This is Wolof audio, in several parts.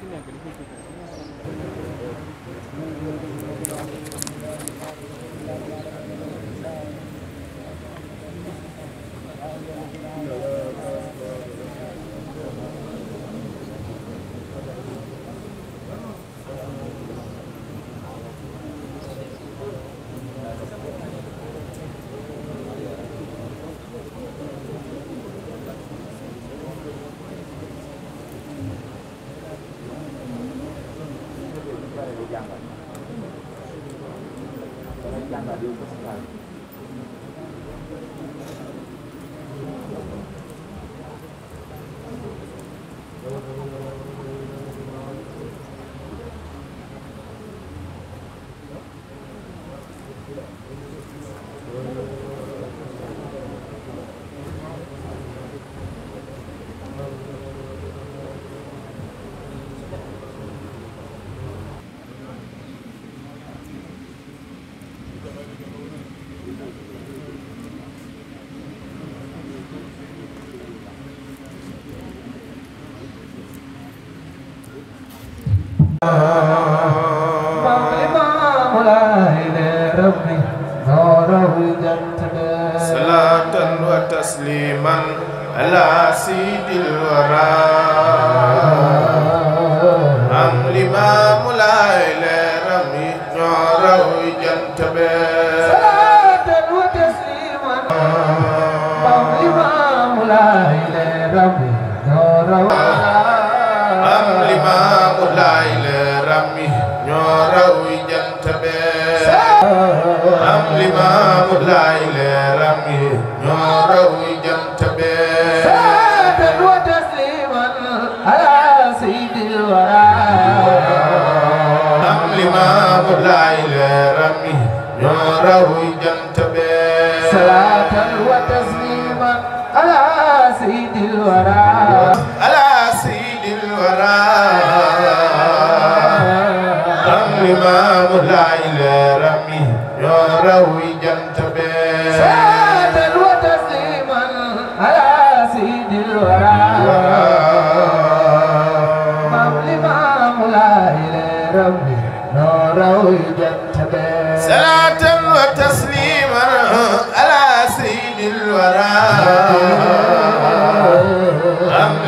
fi nekk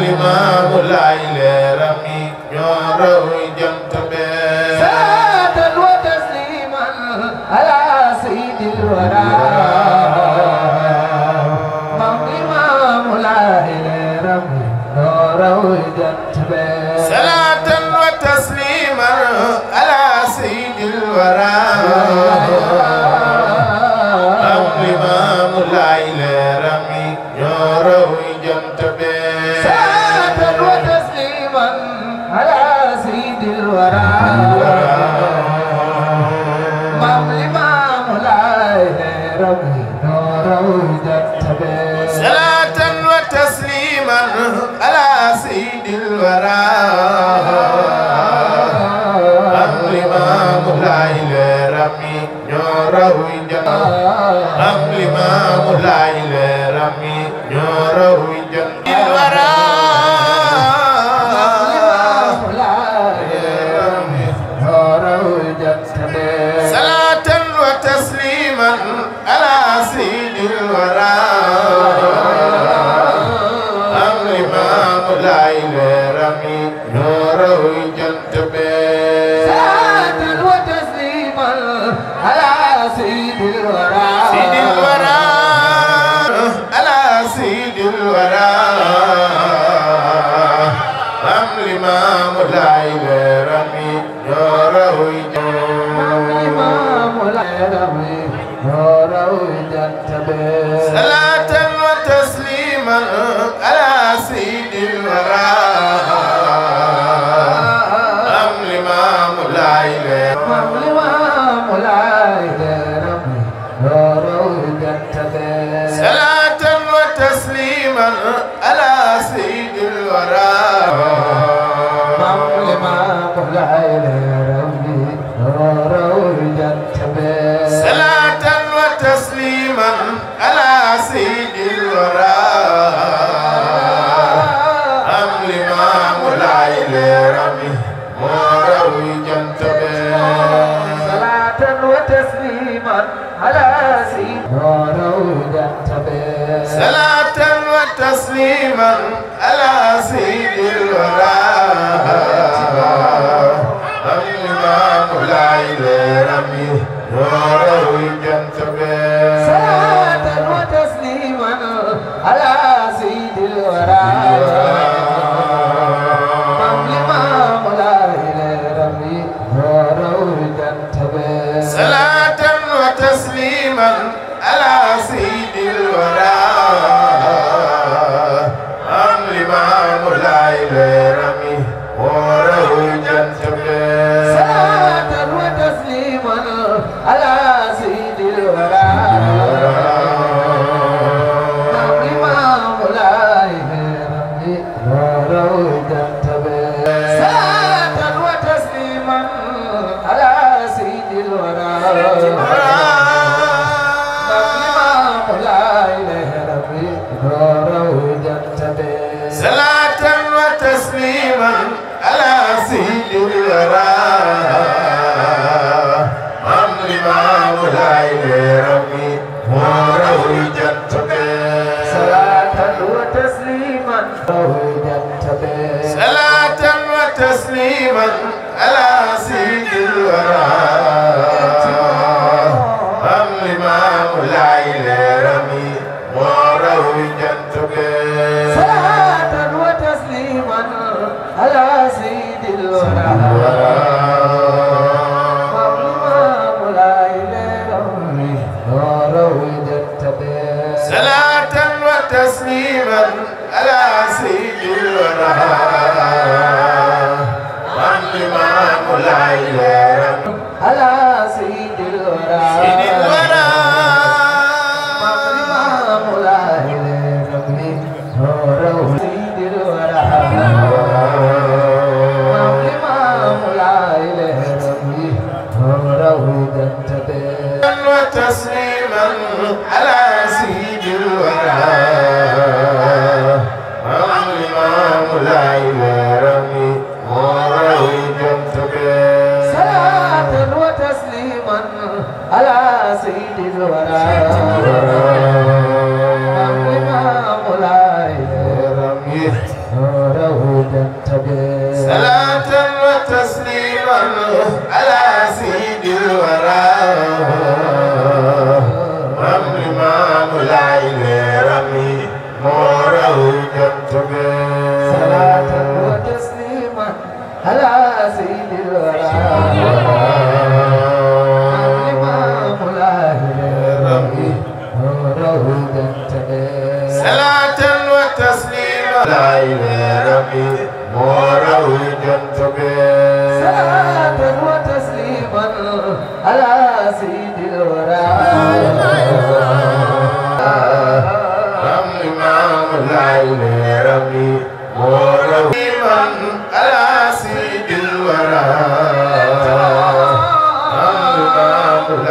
limaamul laay la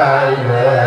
Bye.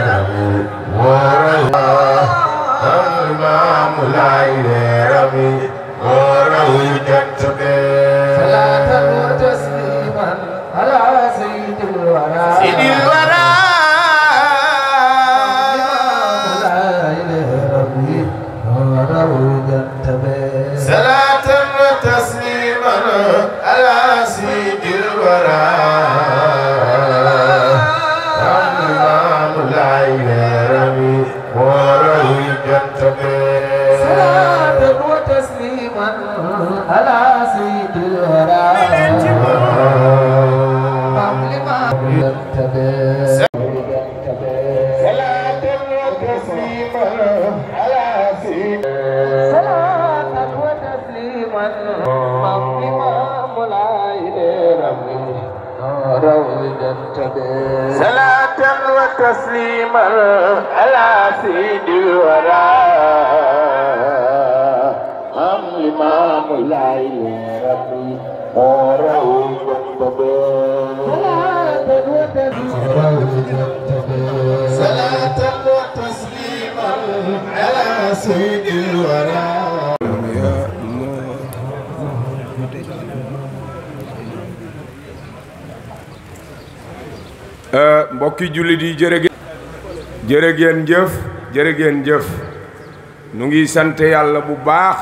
mbokki yi jërëgeen jëf jërëgeen jëf nu ngi sant yàlla bu baax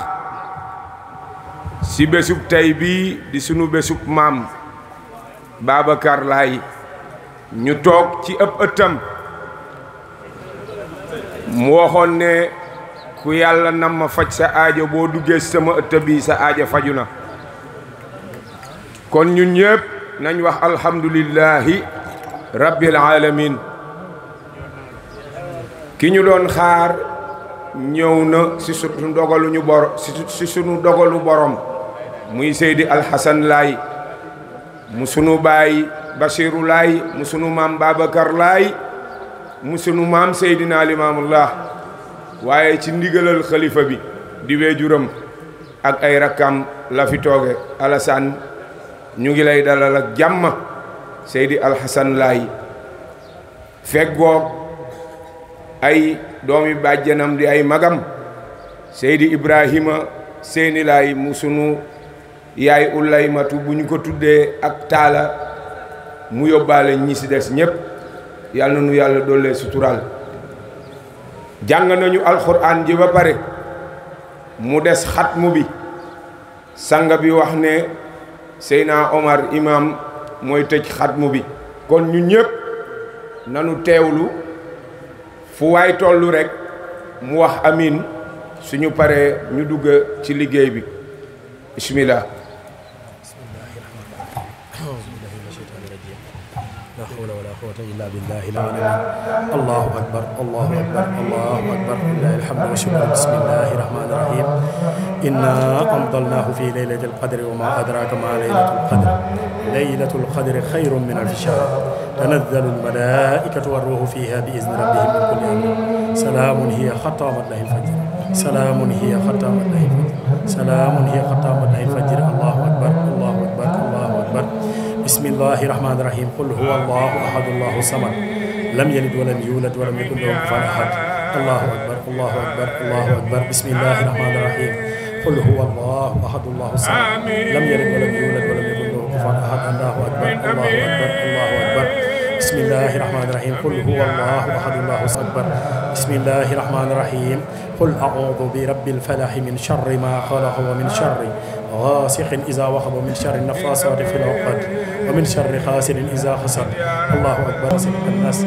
ci bésub tey bii di sunu bésub maam Babacar ñu toog ci ëpp ëttam mu waxoon ne ku yàlla nam ma faj sa boo duggee sama ëtt sa aajo faju na wax alhamdulillahi rabbil alamin ki ñu doon xaar ñëw na si dogalu ñu bor si sunu dogalu borom muy Seydi Alxasan Laay mu sunu baay Bachiru Laay mu maam Babacar Laay maam Seydina Limaamullah waaye ci ndigalal xalifa bi di weejuram ak ay rakkam la fi tooge Alassane ñu ngi lay dalal ak jàmm Seydi Alxasan Laay feggoog ay doomi bàjjanam di ay magam Seydi Ibrahima Seyni Laay mu sunu yaay Ulaymatu bu ñu ko tuddee ak taala mu yóbbaale ñi ci des ñépp yàlla na nu yàlla dollee sutural jàng nañu alxuraan ji ba pare mu des xatmu bi sanga bi wax ne Seyna Omar imam mooy tëj xatmu bi kon ñu ñëpp nanu teewlu fu waay tollu rekk mu wax amin suñu paree ñu dugg ci liggéey bi bismillah quwwata illa billahi al-ali allahu akbar allahu akbar allahu akbar lillahi alhamdu wa shukru bismillahi rahmani rahim inna amdalnahu fi laylati alqadri wa ma adraka ma laylatu alqadri laylatu alqadri xayrun min alfi shahr tanazzalu almalaikatu warruhu fiha bi izni rabbihim min kulli amrin salaamun hiya hatta matla'i alfajr salaamun hiya hatta matla'i alfajr salaamun hiya hatta matla'i alfajr allahu akbar bismillahi rahmaani rahim qul huwa allahu ahad allahu samad lam yalid walam yulad walam yakun lahu kufuwan ahad allahu akbar allahu akbar allahu akbar bismillahi rahmaani rahim qul huwa allahu ahad allahu samad lam yalid walam yulad walam yakun lahu kufuwan ahad allahu akbar allahu akbar allahu akbar bismillahi rahmaani rahim qul huwa allahu ahad allahu akbar bismillahi rahmaani rahim qul a'uudu bi rabbil falaxi min charri ma xalaqa wa min charri غاسق إذا وقب من شر النفاثات في العقد ومن شر حاسد إذا حسد الله أكبر الناس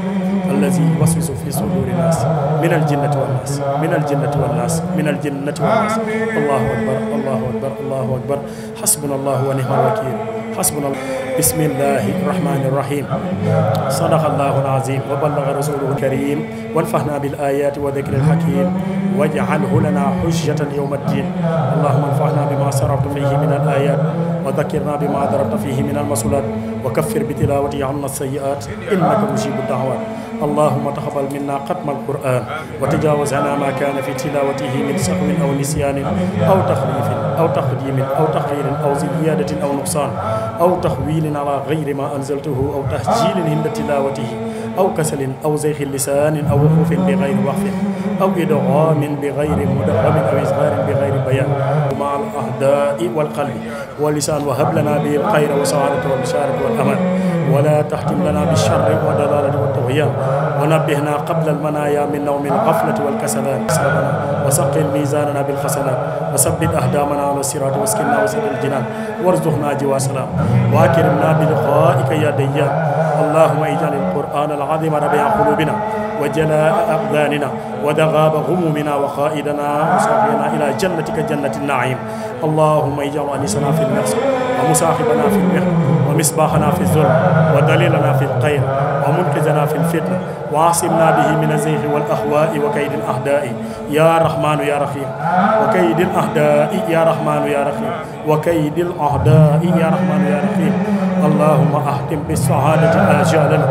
الذي يوسوس في صدور الناس من الجنة والناس من الجنة والناس من الجنة والناس الله أكبر الله أكبر الله أكبر حسبنا الله ونعم الوكيل حسبنا الله bismillahi rahmani rahim sadaqallahu alazim wa ballaga rasuluhu alkarim wanfahna bil ayati wa dhikri alhakim waj'alhu lana hujjatan yawma ddin allahumma anfa'na bima sarafta fihi min alayat wa dhakkirna bima darabta fihi min almasulat wa kaffir bi tilawati anna sayyi'at innaka mujibu da'wat اللهم تقبل منا ختم القرآن وتجاوز عنا ما كان في تلاوته من سهو أو نسيان أو تخريف أو تقديم أو تخير أو زيادة أو نقصان أو تحويل على غير ما أنزلته أو تهجيل عند تلاوته أو كسل أو زيخ لسان أو وقوف بغير وقف أو إدغام بغير مدغم أو إصغار بغير بيان مع الأهداء والقلب واللسان وهب لنا به الخير وسعادة والبشارة والأمان ولا تحتملنا بالشر والضلال والطغيان ونبهنا قبل المنايا من نوم الغفلة والكسلان وسقل ميزاننا بالحسنات وثبت أقدامنا على الصراط واسكننا وسط الجنان وارزقنا جوا سلام وأكرمنا بلقائك يا ديان اللهم اجعل القرآن العظيم ربيع قلوبنا وجلاء أقداننا وذغاب غمومنا وقائدنا وصرفنا إلى جنتك جنة النعيم اللهم اجعل أنسنا في المحسن ومصاحبنا في المحن ومصباحنا في الظلم ودليلنا في الخير ومنقذنا في الفتنة وعاصمنا به من الزيغ والأهواء وكيد الأعداء يا رحمن يا رحيم وكيد الأعداء يا رحمن يا رحيم وكيد الأعداء يا رحمن يا رحيم اللهم أهتم بالسعادة آجالنا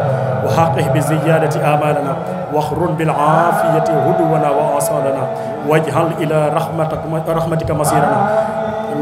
وحقه بزيادة آمالنا واخرن بالعافية هدونا وآصالنا واجعل إلى رحمتك, رحمتك مصيرنا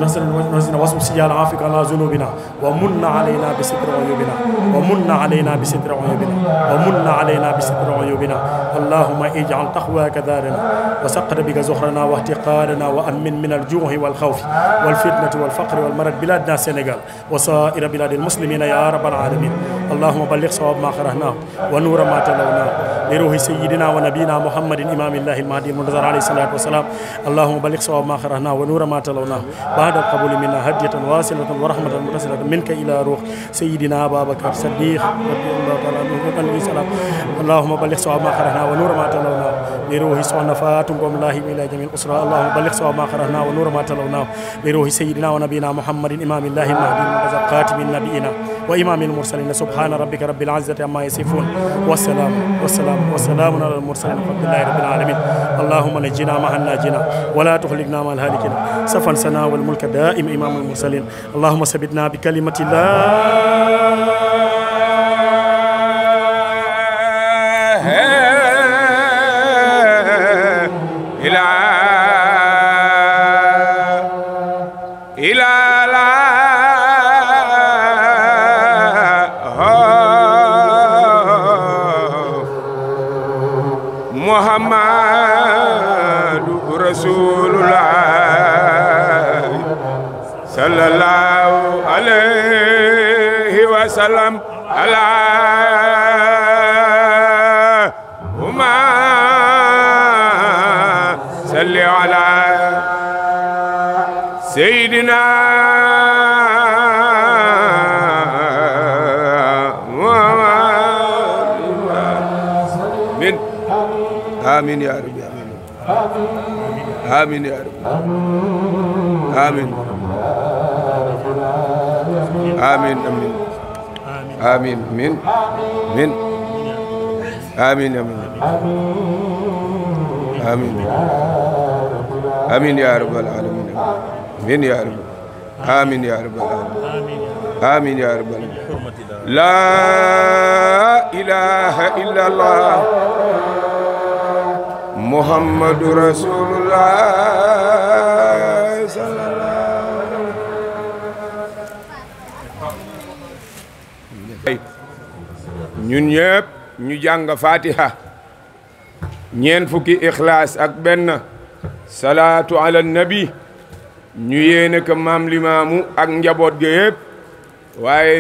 نزل واسم سجال عافك على ذنوبنا ومن علينا بستر عيوبنا ومن علينا بستر عيوبنا ومن علينا بستر عيوبنا اللهم اجعل تقواك دارنا وسقر بك زهرنا واحتقارنا وأمن من الجوع والخوف والفتنة والفقر والمرض بلادنا السنغال وسائر بلاد المسلمين يا رب العالمين اللهم بلغ صواب ما قرأناه ونور ما تلوناه لروح سيدنا ونبينا محمد إمام الله المهدي المنتظر عليه الصلاة والسلام اللهم بلغ صواب ما قرأناه ونور ما تلوناه بعد القبول منا هدية واصلة ورحمة متصلة منك إلى روح سيدنا أبا بكر صديق رضي الله تعالى عنه وسلم اللهم بلغ صواب ما قرأنا ونور ما تلونا لروح سوانا فاتم قوم الله إلى جميع الأسرة اللهم بلغ صواب ما قرأنا ونور ما تلونا لروح سيدنا ونبينا محمد إمام الله المهدي المرزق خاتم النبينا wa imaamil mursaliin subhaana rabbika rabbil izzati ammaa yasifuun wa salaamun wa salaamun wa salaamun alal mursaliin walhamdulillaahi rabbil aalamiin allahumma najjinaa ma'a naajiina wa laa tuhliknaa ma'al haalikiina safan sanaa wal mulka daa'im imaamul mursaliin allahumma sabitnaa bi kalimati laa آمين يا رب آمين يا رب آمين آمين آمين آمين من من آمين آمين آمين آمين يا رب العالمين من يا رب آمين يا رب العالمين آمين يا رب العالمين لا إله إلا الله محمد رسول الله صلى ñu jàng fatiha ñeen ak benn salaatu ala nabi ñu yéene ko maam ak njaboot ga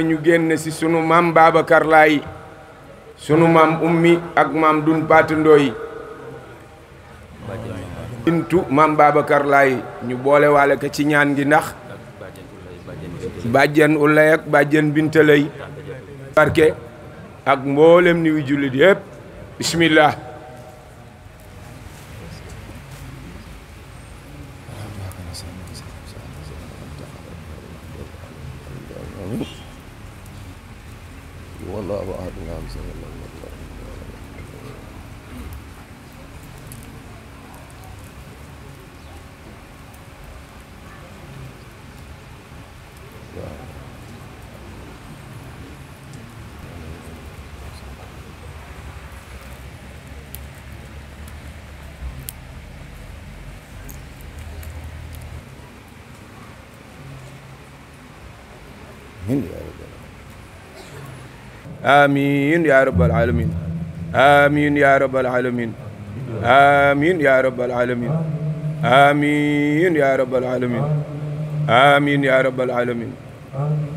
ñu génn ci sunu maam sunu maam ummi ak dun patandoo yi bintu maam Babacar laay ñu boole waale ko ci ñaan gi ndax bàjjen ulay ak bàjjen bintalay barke ak mboolem ni wi jullit yëpp bismillah آمين يا رب العالمين آمين يا رب العالمين آمين يا رب العالمين آمين يا رب العالمين آمين يا رب العالمين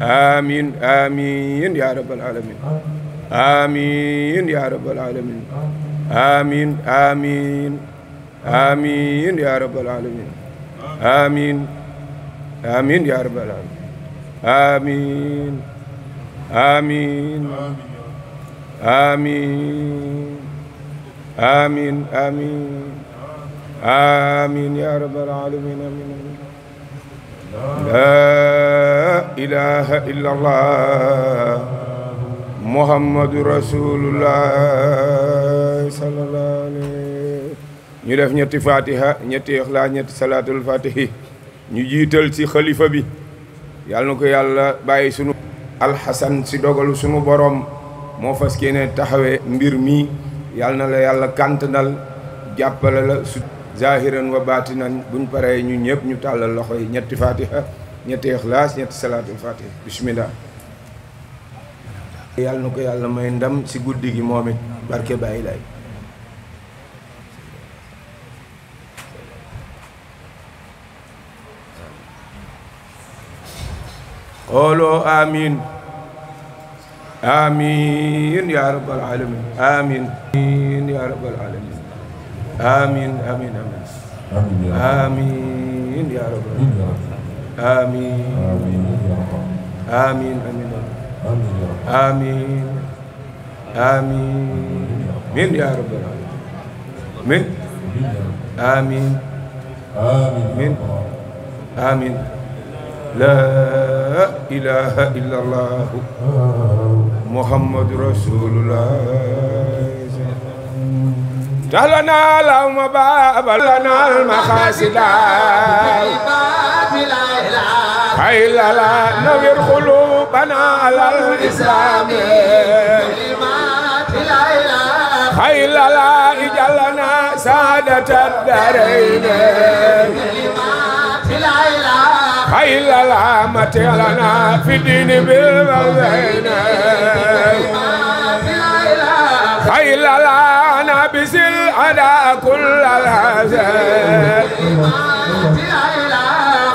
آمين آمين يا رب العالمين آمين يا رب العالمين آمين آمين آمين يا رب العالمين آمين آمين يا رب العالمين آمين آمين آمين آمين آمين آمين يا رب العالمين آمين لا إله إلا الله محمد رسول الله صلى الله عليه ñu def ñetti fatiha ñetti ixlaas ñetti salaatul fatihi ñu jiital ci xalifa bi yàlla na ko yàlla bàyyi sunu alxasan si dogalu sumu boroom moo fas yéene taxawee mbir mi yàlla na la yàlla kàntanal jàppale la su zahiran wa baatinan buñ paree ñu ñëpp ñu tàllal loxo yi ñetti fatiha ñetti ixlaas ñetti salaatul fatiha bismillah yàlla na ko yàlla may ndam si guddi gi moom it barke bàyyi lay قولوا آمين آمين يا رب العالمين آمين يا رب العالمين آمين آمين آمين آمين يا رب آمين آمين آمين آمين آمين من يا رب العالمين من آمين آمين من آمين لا ilaha illa allah muhammadu rasulullah tahlana lawma baba lana almakhasida hayla la nawir qulubana ala alislam hayla la ijalana saadat ad-darain خيل العامة لنا في الدين بالمزين خيل لنا بسل أدا كل الهزل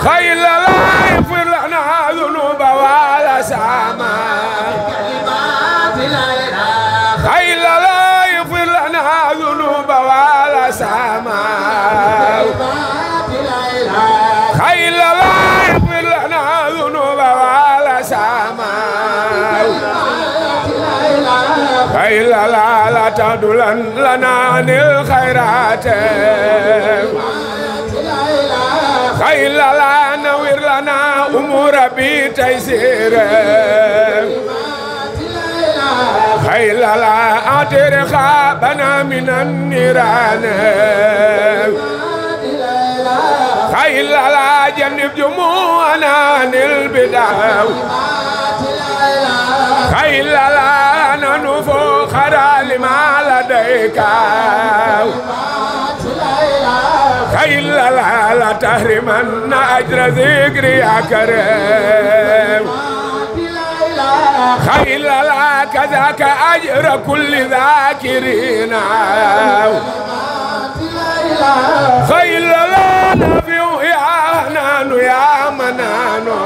خيل لا يغفر لنا ذنوب ولا سامة وإلا لا لا تعدلن لنا عن الخيرات خيلا لا نوير لنا أمور بتيسير خيلا لا أعتر خابنا من النيران خيلا لا جنب جموعنا عن البدع خيلا لا ننفر جرى لما لديك خيل لا لا تحرمن أجر ذكر يا كريم خيل لا كذاك أجر كل ذاكرين خيل لا نبي يا نانو يا منانو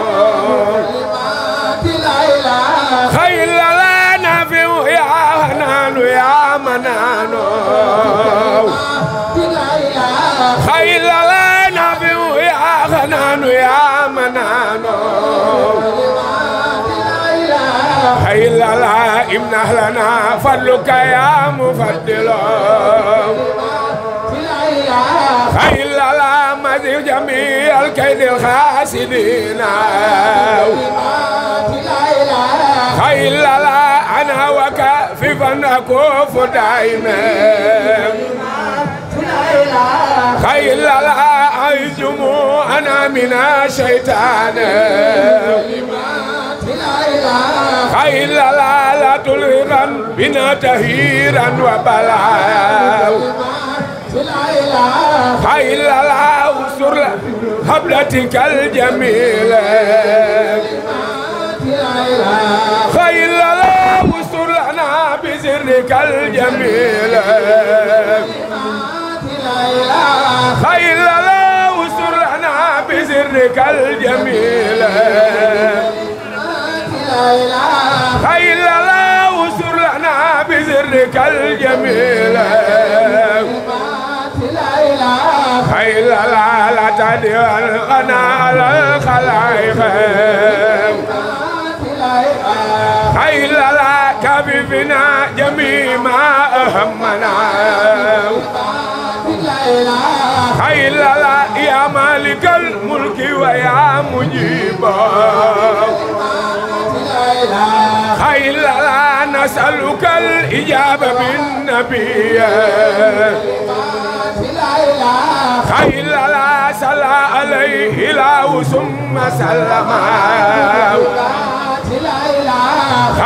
خيل منانو خيل لنا بيو يا غنانو يا منانو خيل لا ابن اهلنا فضلك يا مفضل خيل لا مذي جميع الكيد الخاسدين خيل لا أنا وكففا أكوف دائما خيل لا أنجم أنا من شيطان خيل لا لا تلغن بنا تهيرا وبلاء خيل لا أسر حبلتك الجميلة ذلك الجميل خير لا وسرنا بسرك الجميل خير لا وسرنا بسرك الجميل خير لا لا تدعو انا على الخلائق خيل لك بفنا جميع ما أهمنا خيل لك يا مالك الملك ويا مجيبا خيل لا نسألك الإجابة بالنبي خيل لا سلا عليه لا ثم سلم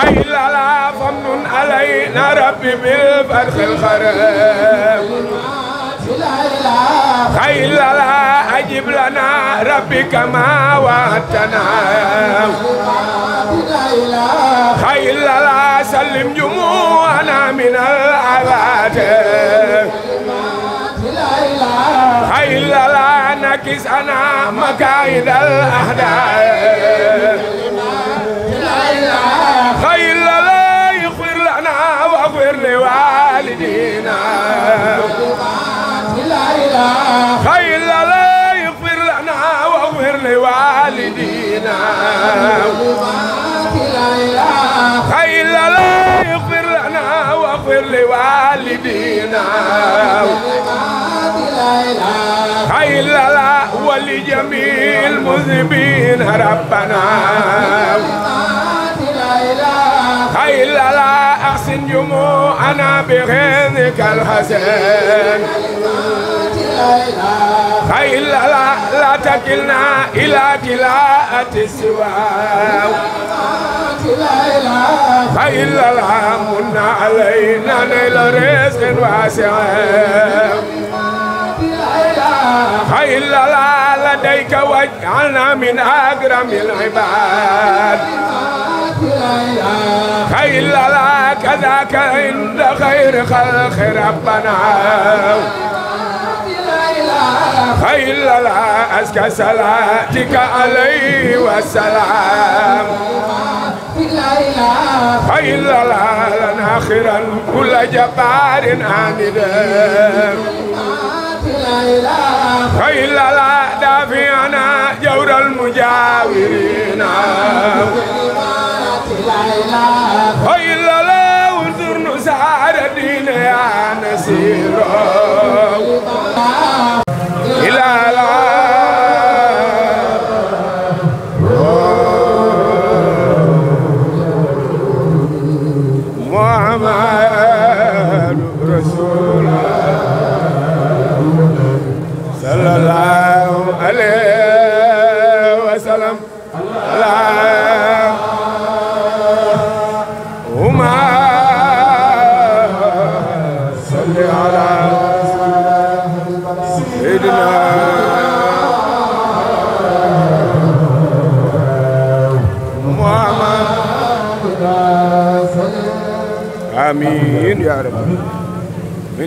خيل لا فمن علينا ربي بالفرخ الخرم خيل لا أجب لنا ربي كما وعدتنا خيل لا سلم جموعنا من العباد خيل لا نكس أنا مكايد الأحداث خيل لا يغفر لنا واغفر لوالدينا خيل لا يغفر لنا واغفر لوالدينا خيل لا يغفر لنا واغفر لوالدينا خيل لا ولجميع المذنبين ربنا إلا لا أحسن جموعنا بغيظك الحسن خيل لا لا تكلنا إلى جلاءة السواو خيل لا من علينا نيل رزق واسع خيل لا لديك واجعلنا من أكرم العباد خيل لا كذاك عند خير خلق ربنا خيل لا أزكى صلاتك عليه والسلام خيل لا لنا خيرا كل جبار عاند خيل لا دافعنا جور المجاورين وإلا لا وزر نسعر دين يا نسير إلى لا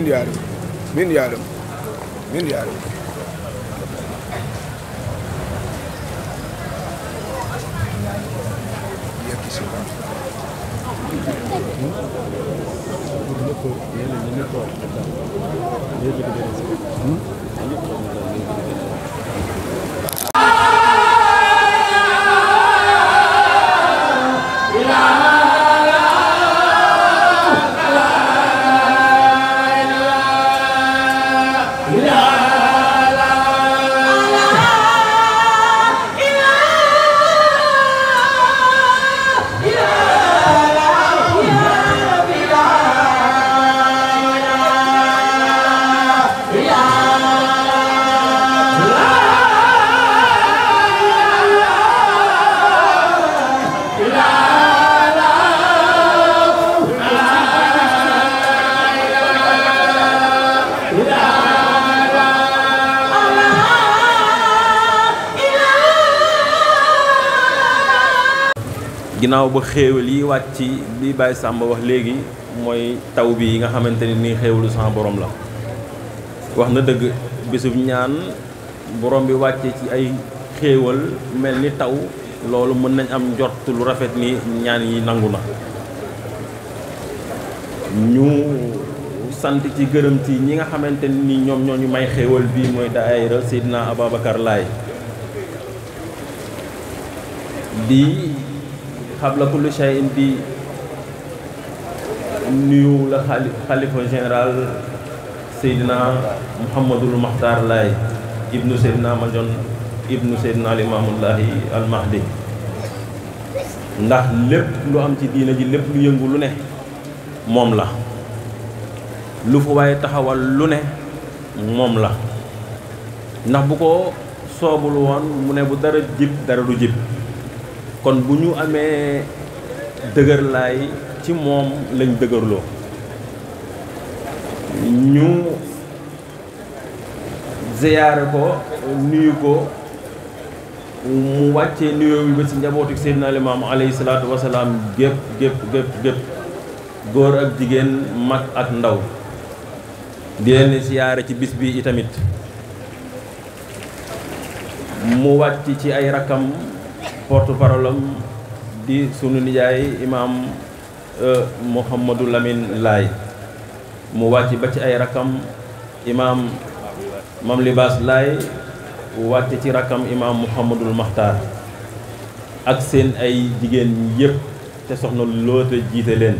min yarum min yarum min yarum Thank you. ginnaaw ba xeewal yi wàcc li Baye Samba wax léegi mooy taw bi yi nga xamante ni nii xéewalu sama borom la wax na dëgg bisub ñaan boroom bi wàcce ci ay xéewal mel ni taw loolu mën nañ am njort lu rafet ni ñaan yi nangu na ñu sant ci gërëm ci ñi nga xamante ni ñoom ñoo ñu may xéewal bii mooy daayira Seydina Ababacar Laay di xabla kulli shay'in di nuyu la xalifa général Seydina Mouhamadul Makhtar Laye ibnu Seydina Majon ibnu Seydina Limamullahi al Mahdi ndax lépp lu am ci diina ji lépp lu yëngu lu ne moom la lu fa waaye taxawal lu ne moom la ndax bu ko soobul woon mu ne bu dara jib dara du jib kon bu ñu amee dëgërlaay ci moom lañ dëgërloo ñu ziyaare ko nuyu ko mu wàccee nuyoo bi ba ci njabootu Seydina Limaamu alayhi salaatu gépp gépp gépp góor ak jigéen mag ak ndaw di leen ziyaare ci bis bi itamit mu wàcc ci ay rakkam porte parole di sunu nijaay imaam euh, Mouhamadou Lamine Laay mu wàcc ba ci ay rakam imaam Mam Libaas Laay wàcc ci rakam imaam Mouhamadul Maxtaar ak seen ay jigéen yëpp te soxna loota jiite leen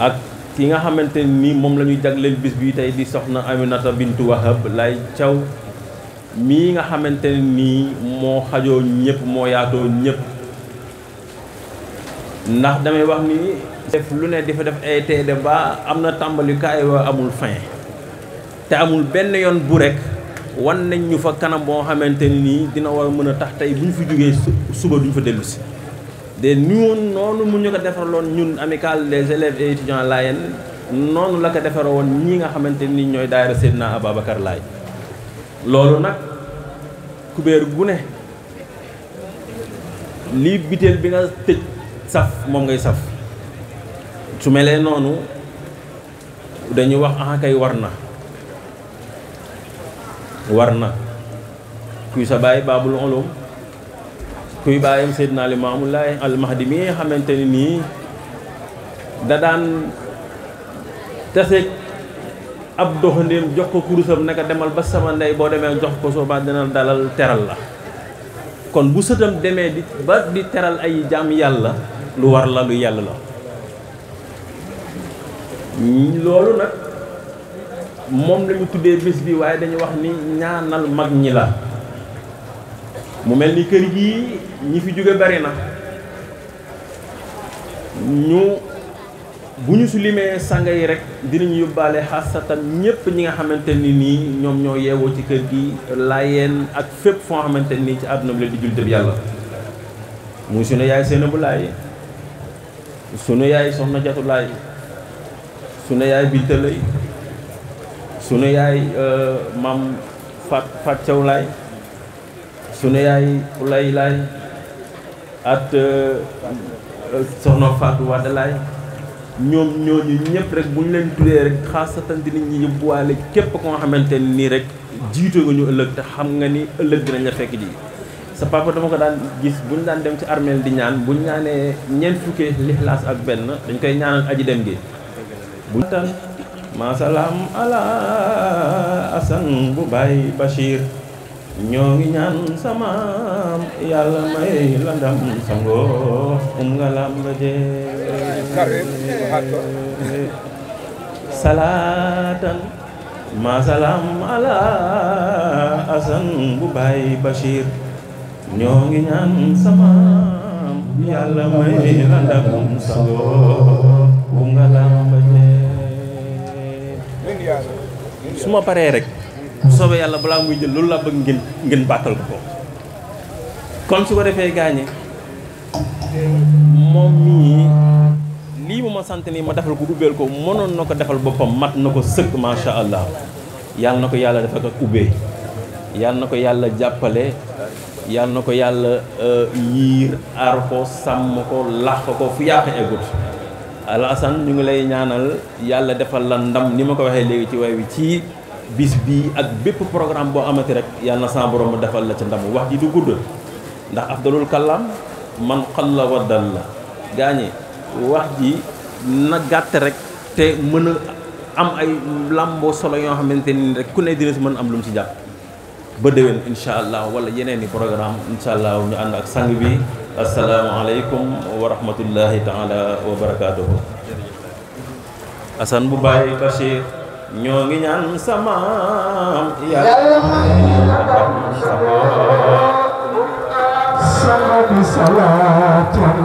ak ki nga xamante ni moom la ñu jagleel bis bi tey di soxna Aminata Bintu Wahab Laay Thiaw mii nga xamante ne nii moo xajoo ñëpp moo yaatoo ñëpp ndax damay wax ni def lu ne di fa def ay tey de ba am na tàmbalikaay wa amul fin te amul benn yoon bu rek wan nañ ñu fa kanam boo xamante ne nii dina war a mën a tax tey bu ñu fi jógee suba duñu fa dellusi si de ñun noonu mu ñu ko defaraloon ñun amicale des élèves et étudiants Layène noonu la ko defar woon ñii nga xamante ni ñooy daayira Seydina Ababacar Laye loolu nag kubéer gu ne lii biteel bi nga tëj saf moom ngay saf su melee noonu dañuy wax ah war na war na kuy sa baay baabul ulum kuy bàyyam Seydina Limaamu Laay almahdi mi nga xamante ni nii da daan ab doxandéem jox ko kurusam naka demal ba sama ndey boo demee jox ko soobaa dina dalal teral la kon bu sëtam demee di ba di teral ay jaam yàlla lu war la lu yàlla la loolu nag moom lañu tuddee bés bi waaye dañu wax ni ñaanal mag ñi la mu mel ni kër gi ñi fi jóge bari na ñu bu ñu su limee sànga yi rek dinañu yóbbaale xas xasatan ñëpp ñi nga xamante ni nii ñoom ñoo yeewoo ci kër gi laayeen ak fépp foo xamante nii ci àdduna bi la di jullit bi yàlla muy sunu yaay seen bu laay sunu yaay soxna jatu laay sunu yaay binta lay sunu yaay euh, maam fat fat caw laay sunu yaay ulay laay at euh, soxna faatu wadda laay ñoom ñooñu ñëpp rek bu ñu leen tuddee rek xaasatan dinañ ñu yóbbuwaale képp koo xamante nii rek jiite nga ñu ëllëg te xam nga ni ëllëg dinañ la fekk ji sa papa dama ko daan gis bu ñu daan dem ci armeel di ñaan bu ñu ñaanee ñeent fukki lixlaas ak benn dañ koy ñaanal aji dem gi bu tan maasalaam ala asan bu bàyyi Bachir ñoo ngi ñaan samaam yàlla may la ndam sangoo um nga lambaje salaatan ma salaam asan bu baay ñoo ngi ñaan samaam yàlla may la ndam sangoo um nga lambaje su ma paree rek bu soobee yàlla balaa muy jël loolu la bëgg ngeen ngeen bàkkal ko kon su ko defee gaañe moom mii lii mu ma sant nii ma defal ko ubbeel ko mënoon na ko defal boppam mat na ko sëkk macha allah yàlla na ko yàlla defal ko ubbee yàlla na ko yàlla jàppale yàlla na ko yàlla euh, yiir aar ko sàmm ko làq ko fu yàq eggut alasan ñu ngi lay ñaanal yàlla defal la ndam ni ma ko waxee léegi ci way ci bis bii ak bépp programme boo amati rek yàlla na sa borom defal la ca ndamu wax ji du gudd ndax afdalul kàllaam man xalla waddal la gaañe wax ji na gàtt rek te mën a am ay làmboo solo yoo xamante ni rek ku ne dina si mën am lu ci si ba déwén incha allah wala yeneen i programme incha allah ñu ànd ak sang bi asalaamaaleykum wa rahmatullahi taala wa barakaatuhu asan bu bàyyi Bachir ñoo ngi ñaan samaam yàlla salaatu salaatan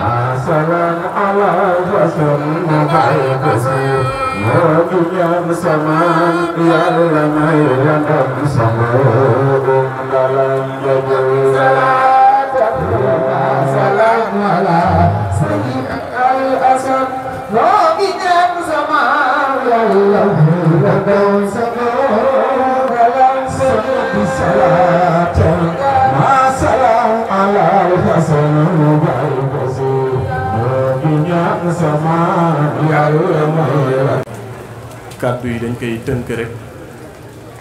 ma salam ala rasul mabay basir ñoo ngi ñaan samaam yàlla may la ndam samaam dalam jabal salaatan ma salam ala sayyid al asam kàddu yi dañ koy tënk rek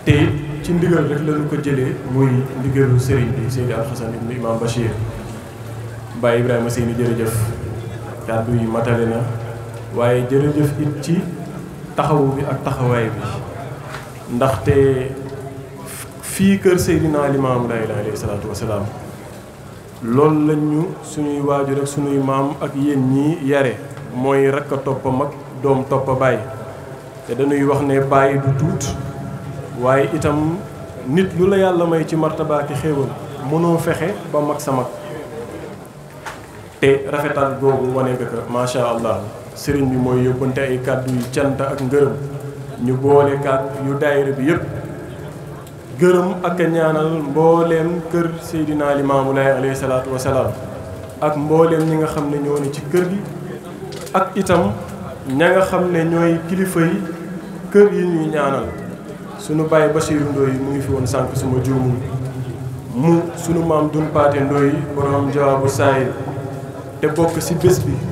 te ci ndigal rek lañu ko jëlee muy ndigalu sëriñ bi Seydi Alxasan ibnu Imaam Bachir Baye Ibrahima Seyni jërëjëf kàddu yi matale na waaye jërëjëf it ci taxawu bi ak taxawaay bi ndaxte fii kër Seydina Limaamu Laay alayhi salaatu wasalaam loolu lañ ñu suñuy waajur ak suñuy maam ak yéen ñii yare mooy rakk topp mag doom toppa bàyyi te dañuy wax ne bàyyi bu tuut waaye itam nit lu la yàlla may ci martabaaki xéewal mënoo fexe ba mag sa mag te rafetal googu wane nga ko allah sëriñ bi mooy yóbbante ay kàddu yu cant ak ngërëm ñu boole kaat yu daayira bi yëpp gërëm ak a ñaanal mbooleem kër Seydina Limaamu Laay alayhi ak mbooleem ñi nga xam ne ñoo ne ci kër gi ak itam ña nga xam ne ñooy kilifa yi kër yi ñuy ñaanal sunu bàyyi Basiiru Ndoy mu ngi fi woon sànq suma juumul mu sunu maam Dun Paate Ndoy borom jawaabu saayir te bokk ci bés bi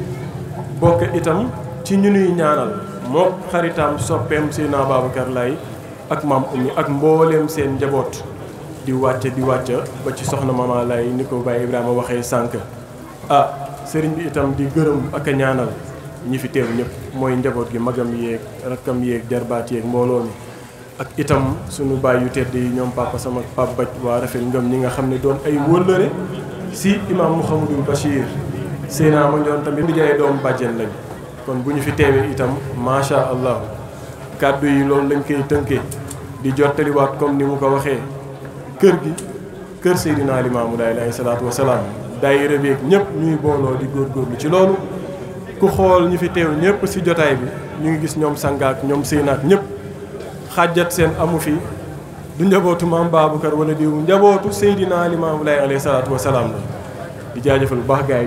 bokk itam ci ñu nuy ñaanal moo xaritaam soppeem na Babacar Laye ak maam Oumy ak mbooleem seen njaboot di wàcc di wàcc ba ci soxna Mama Laye ni ko Baye Ibrahima waxee sànq a ah sëriñ bi itam di gërëm ak ñaanal ñi fi teew ñëpp mooy njaboot gi magam yeeg rakkam yeeg jarbaat yeeg mbooloo mi ak itam suñu baay yu tedd yi ñoom papa sama pap baj waa rafet ngëm ñi nga xam ne doon ay wóllëre si imam Mouhamadou Bachir Seyna ma ñoon tamit nijaay doom bàjjen lañ kon bu ñu fi teewee itam macha allah kàddu yi loolu lañ koy tënkee di jottaliwaat comme ni mu ko waxee kër gi kër Seydina Limaamu Laay alayhi salaatu wa salaam daayira bi ñëpp ñuy booloo di góorgóorlu ci loolu ku xool ñi fi teew ñëpp si jotaay bi ñu ngi gis ñoom sangaak ñoom Seynaak ñëpp xàjjaat seen amu fi du njabootu maam Babacar wala diwu njabootu Seydina Limaamu Laay alayhi salaatu salaam di la ilaha illallah la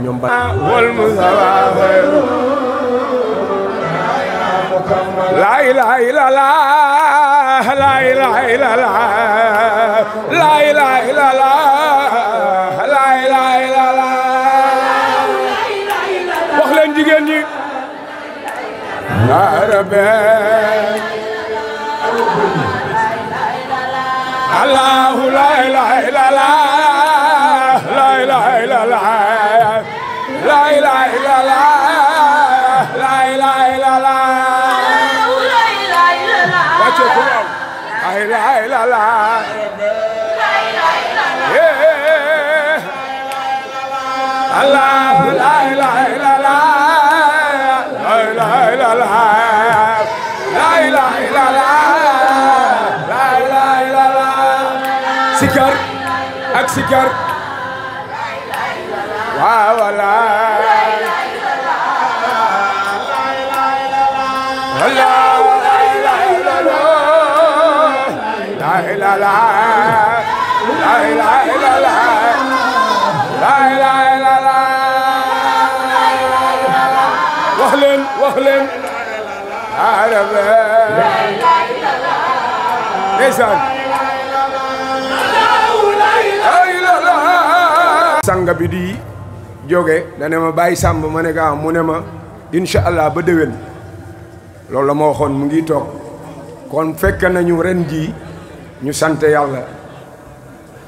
ilaha la ilaha illallah la illallah Allah la ilaha illallah la ilaha illallah la ilaha illallah la ilaha illallah sikar ak la الا الله لا اله الا الله لا اله الا الله واهلا واهلا عرب لا اله الا الله ليسان sanga bi di jóge da ne ma bàyyi sàmb ma ne gaa ah, mu ne ma incha allah ba déwén loolu la ma waxoon mu ngi toog kon fekk nañu ren jii ñu sant yàlla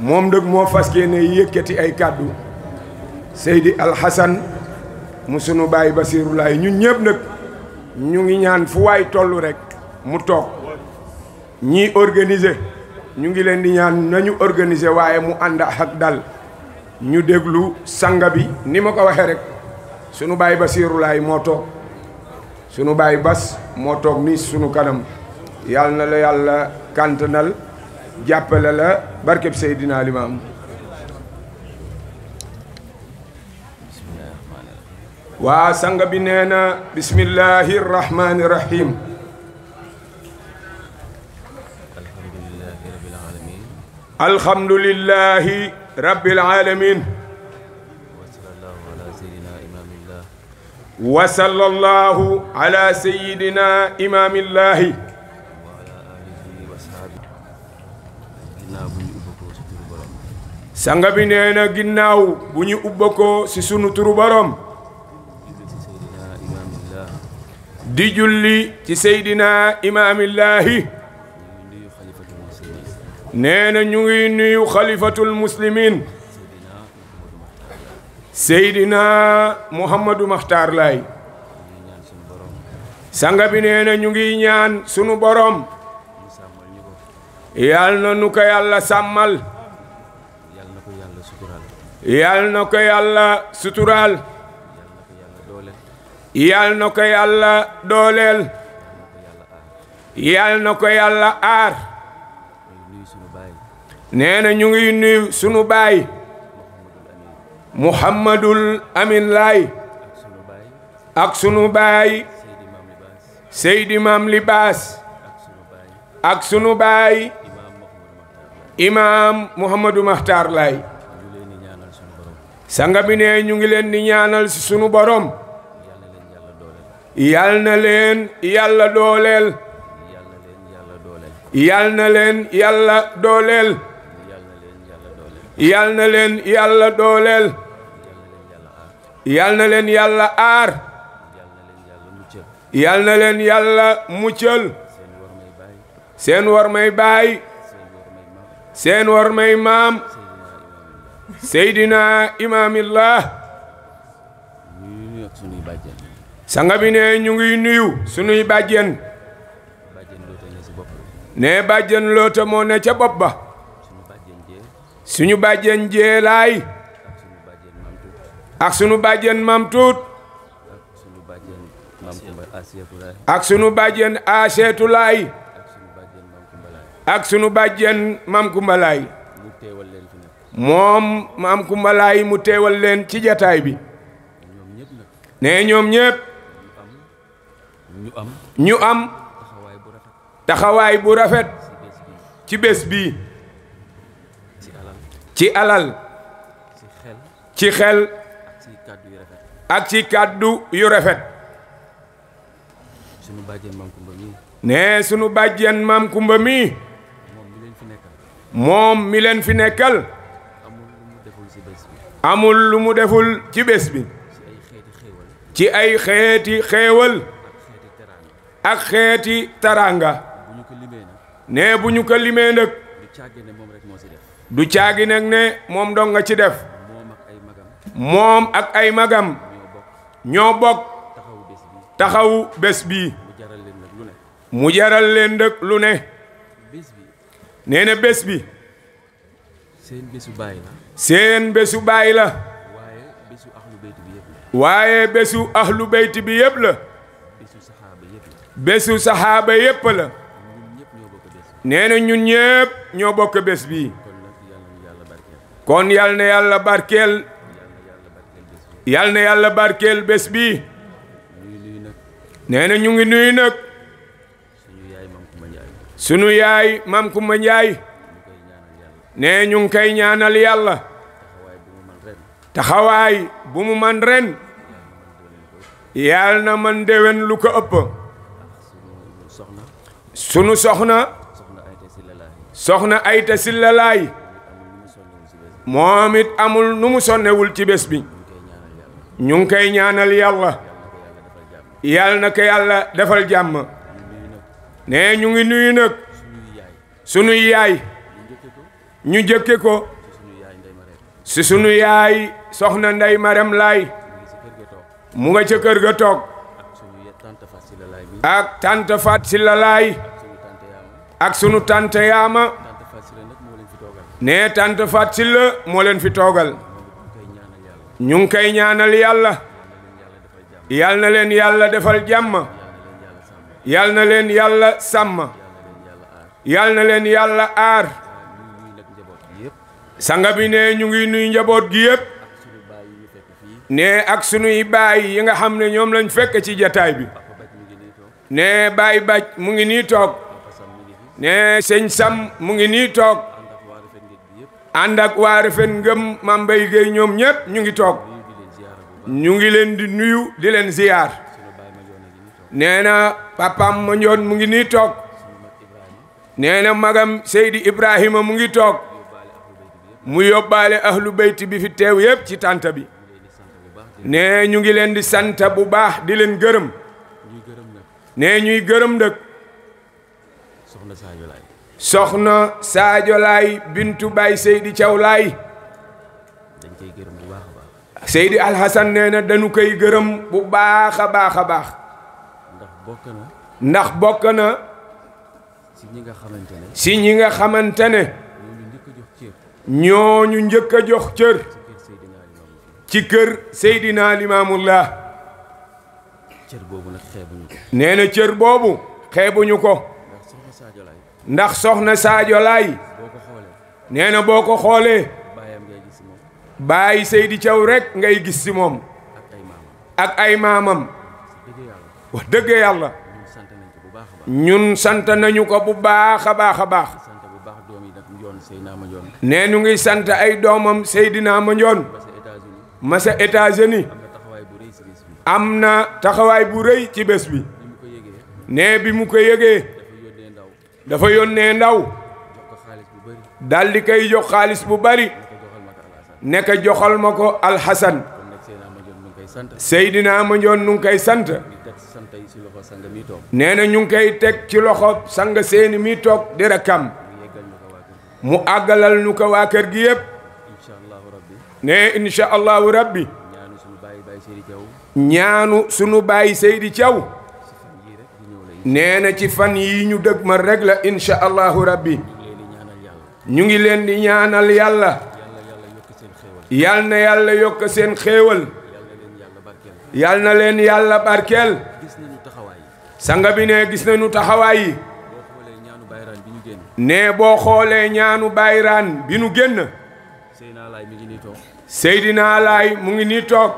moom nag moo fas yéene yëkkati ay kàddu Seydi Alxasan mu sunu baay Basiiru Laay ñun ñëpp nag ñu ngi ñaan fuwaay waay toll rek mu toog ñii organise ñu ngi leen di ñaan nañu organiser waaye mu ànd ak dal ñu déglu sanga bi ni ma ko waxee rek sunu baay Basiiru Laay moo toog sunu baay Bas moo toog ni sunu kanam yàlla na yàlla kàntanal jàppale la barkeb Seydina Limaam waa sanga bi nee na bismillahi rahmaani rahim alhamdulillahi rabbil alamin wa sallallahu ala sayyidina imaamillahi sanga bi nee ginnaaw bu ñu ubba ko ci sunu turu borom di julli ci seydina imaamillaahi nee na ñu ngi nuyu xalifatul muslimin seydina muhammadu maxtaar laay sanga bi nee na ñu ngi ñaan sunu borom yal na nu ko yàlla yal na ko yàlla sutural yal na ko yàlla dooleel yal na ko yàlla aar neena na ñu ngi nuyu sunu baay Muhammadul Amin Laay ak sunu baay Seydi Maam Libaas ak sunu baay imaam Muhammadu Maxtaar sanga bi ne ñu ngi leen di ñaanal ci sunu borom yal na leen yàlla dooleel yal na leen yàlla dooleel yal na leen yàlla dooleel yal na leen yàlla aar yal na leen yàlla muccal seen war may baay seen war may maam seydina imaamillah sanga bi ne ñu ngi nuyu sunuy bàjjen ne bàjjen loota moo ne ca bopp ba suñu bàjjen jee laay ak sunu bàjjen mam ak sunu bàjjen aaseetu laay ak sunu bàjjen mam kumbalaay moom maam Kumba Laay mu teewal leen ci jataay bi ne ñoom ñépp ñu am taxawaay bu rafet ci bés bi ci alal ci xel ak ci kàddu yu rafet ne sunu bàjjen maam Kumba mii moom mi leen fi nekkal amul lu mu deful ci bés bi ci ay xeeti xéewal ak xeeti taraanga ne bu ñu ko limee nag du càggi nag ne moom dong nga ci def moom ak ay magam ñoo bokk taxawu bés bi mu jaral leen nag lu ne nee bés bi seen bésu baay seen bésu baay la waaye bésu ahlu bayt bi yépp la bésu saxaaba yépp la nee na ñun ñépp ñoo bokk bés bii kon yal na yàlla barkeel yal na yàlla barkeel bés bi nee na ñu ngi nuyu sunu yaay mam ku ma njaay nee ñu ngi koy ñaanal yàlla taxawaay bu mu man ren yàlla na man déwén lu ko ëpp sunu soxna soxna Ayta Silla Laay moom amul nu mu sonnewul ci bés bi ñu ngi koy ñaanal yàlla yàlla na ko yàlla defal jàmm nee ñu ngi nuyu sunuy yaay ñu jëkke ko si sunu yaay soxna Ndey Maram Laay mu nga ca ga toog ak tante Fat Silla Laay ak sunu tante Yaama ne tante Fat Silla moo leen fi toogal ñu ngi koy ñaanal yàlla yal na leen yàlla defal jàmm yal na leen yàlla sàmm yal leen yàlla aar sanga bi ne ñu ngi nuy njaboot gi yépp ne ak sunuy baay yi nga xam ne ñoom lañ fekk ci jataay bi ne baay baj mu ngi nii toog ne sëñ Sam mu ngi nii toog ànd ak waa Refane Ngëm Mame Mbaye Guèye ñoom ñépp ñu ngi toog ñu ngi leen di nuyu di leen ziyaar nee na papaam ma njoon mu ngi nii toog nee na magam Seydi Ibrahima mu ngi toog mu yóbbaale ahlu bayti bi fi teew yépp ci tànt bi nee ñu ngi leen di sant bu baax di leen gërëm nee ñuy gërëm nag soxna Sadio Laay soxna Sadio Laay bintu Baay Seydi Thiaw Laay Seydi Alxasan nee na dañu koy gërëm bu baax a baax a baax ndax bokk na si ñi nga xamante ne nga xamante ne ñu njëkk a jox cër ci kër Seydina Limaamullah cër boobu nag xeebuñu ko nee na cër boobu xeebuñu ko ndax soxna Sadio Laay nee na boo ko xoolee bàyyi Seydi Thiaw rek ngay gis ci moom ak ay maamam wax dëgg yàlla ñun sant ko bu baax a baax nee ñu ngi sant ay doomam Seydina Mandione masa États-Unis am na taxawaay bu rëy ci bés bi nee bi mu ko yëgee dafa yónnee ndaw dal di koy jox xaalis bu bari nekk joxal ma ko alxasan Seydina Mandione nu ngi koy sant nee na ñu ngi kay teg ci loxo sang seeni mi toog di rakkam mu àggalal nu ko waa kër gi yëpp ne incha allahu rabbi ñaanu sunu bàyyi Seydi Thiaw nee na ci fan yi ñu dëg ma rek la incha allahu rabbi ñu ngi leen di ñaanal yàlla yal na yàlla yokk seen xéewal yal na leen yàlla barkeel sanga bi ne gis nañu taxawaay yi ne boo xoolee ñaanu bayraan bi nu génn. Seydina Laay mi ngi nii toog. mu ngi nii toog.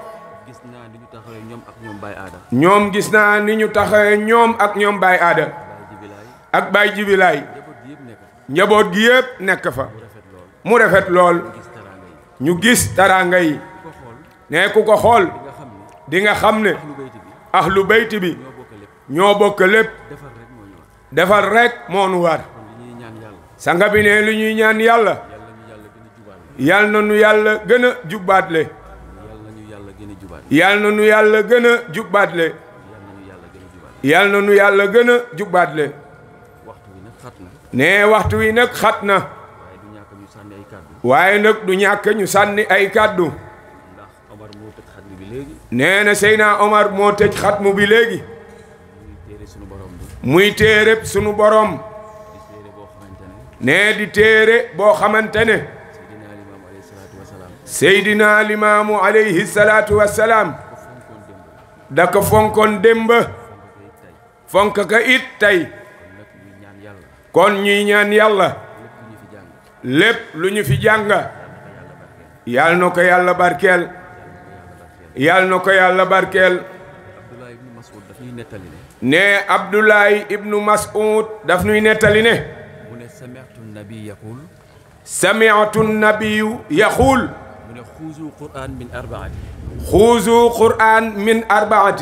gis naa ni ñu taxawee ñoom ak ñoom ñoom gis naa ni ñu taxawee ñoom ak ñoom Baye Aada. ak Baye Jibilaay. njaboot gi yëpp nekk fa. mu rafet lool. ñu gis taraanga yi. ne ku ko xool. di nga xam ne. lu bayti bi. ñoo bokk lépp. defar rek moo nu war. sànga bi ne lu ñuy ñaan yàlla yàlla na nu yàlla gën a jubbaatle yàlla na nu yàlla gën a jubbaatle yàlla na nu yàlla gën a jubbaatle ne waxtu wi nag xat na waaye nag du ñàkk ñu sànni ay kàddu nee na Seyna Omar moo tëj xatmu bi léegi muy téereb sunu borom nee di téere boo xamante ne Seydina Limaamu alayhi salaatu salaam da ko fonkoon démb fonk ka it tey kon ñuy ñaan yàlla lépp lu ñu fi jàng yàlla na ko yàlla barkeel yàlla na ko yàlla barkeel ne Abdoulaye ibnu Mas'ud daf ñuy nettali ne النبي يقول سمعت النبي يقول خوزوا قرآن من أربعة خوزوا قرآن من أربعة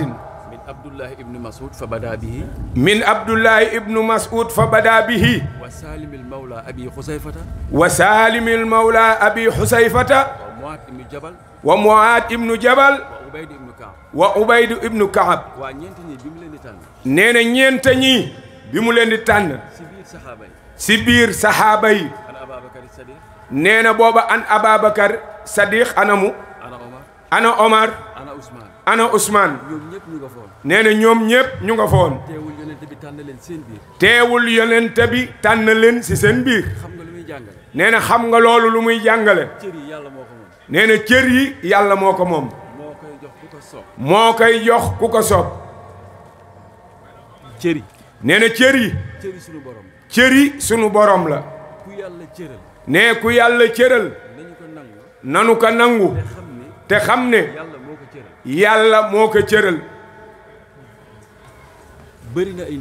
من عبد الله ابن مسعود فبدا به من عبد الله ابن مسعود فبدا به وسالم المولى أبي حسيفة وسالم المولى أبي حسيفة ومعاذ ابن جبل ومعاذ ابن جبل وعبيد ابن كعب وعبيد ابن كعب وأن ينتني بملن تان نين ينتني بملن تان سبيل صحابي si biir saxaaba yi nee na booba an Ababacar Sadiq anamu ana Omar ana Ousmane nee na ñoom ñëpp ñu nga foon teewul yonent bi tànn leen si seen biir nee na xam nga loolu lu muy jàngale nee na cër yi yàlla moo ko moom moo koy jox ku ko soob nee na yi cër yi sunu borom cëri sunu borom la ne ku yàlla cëral nanu ko nangu te xam ne yàlla moo ko cëral bëri na ay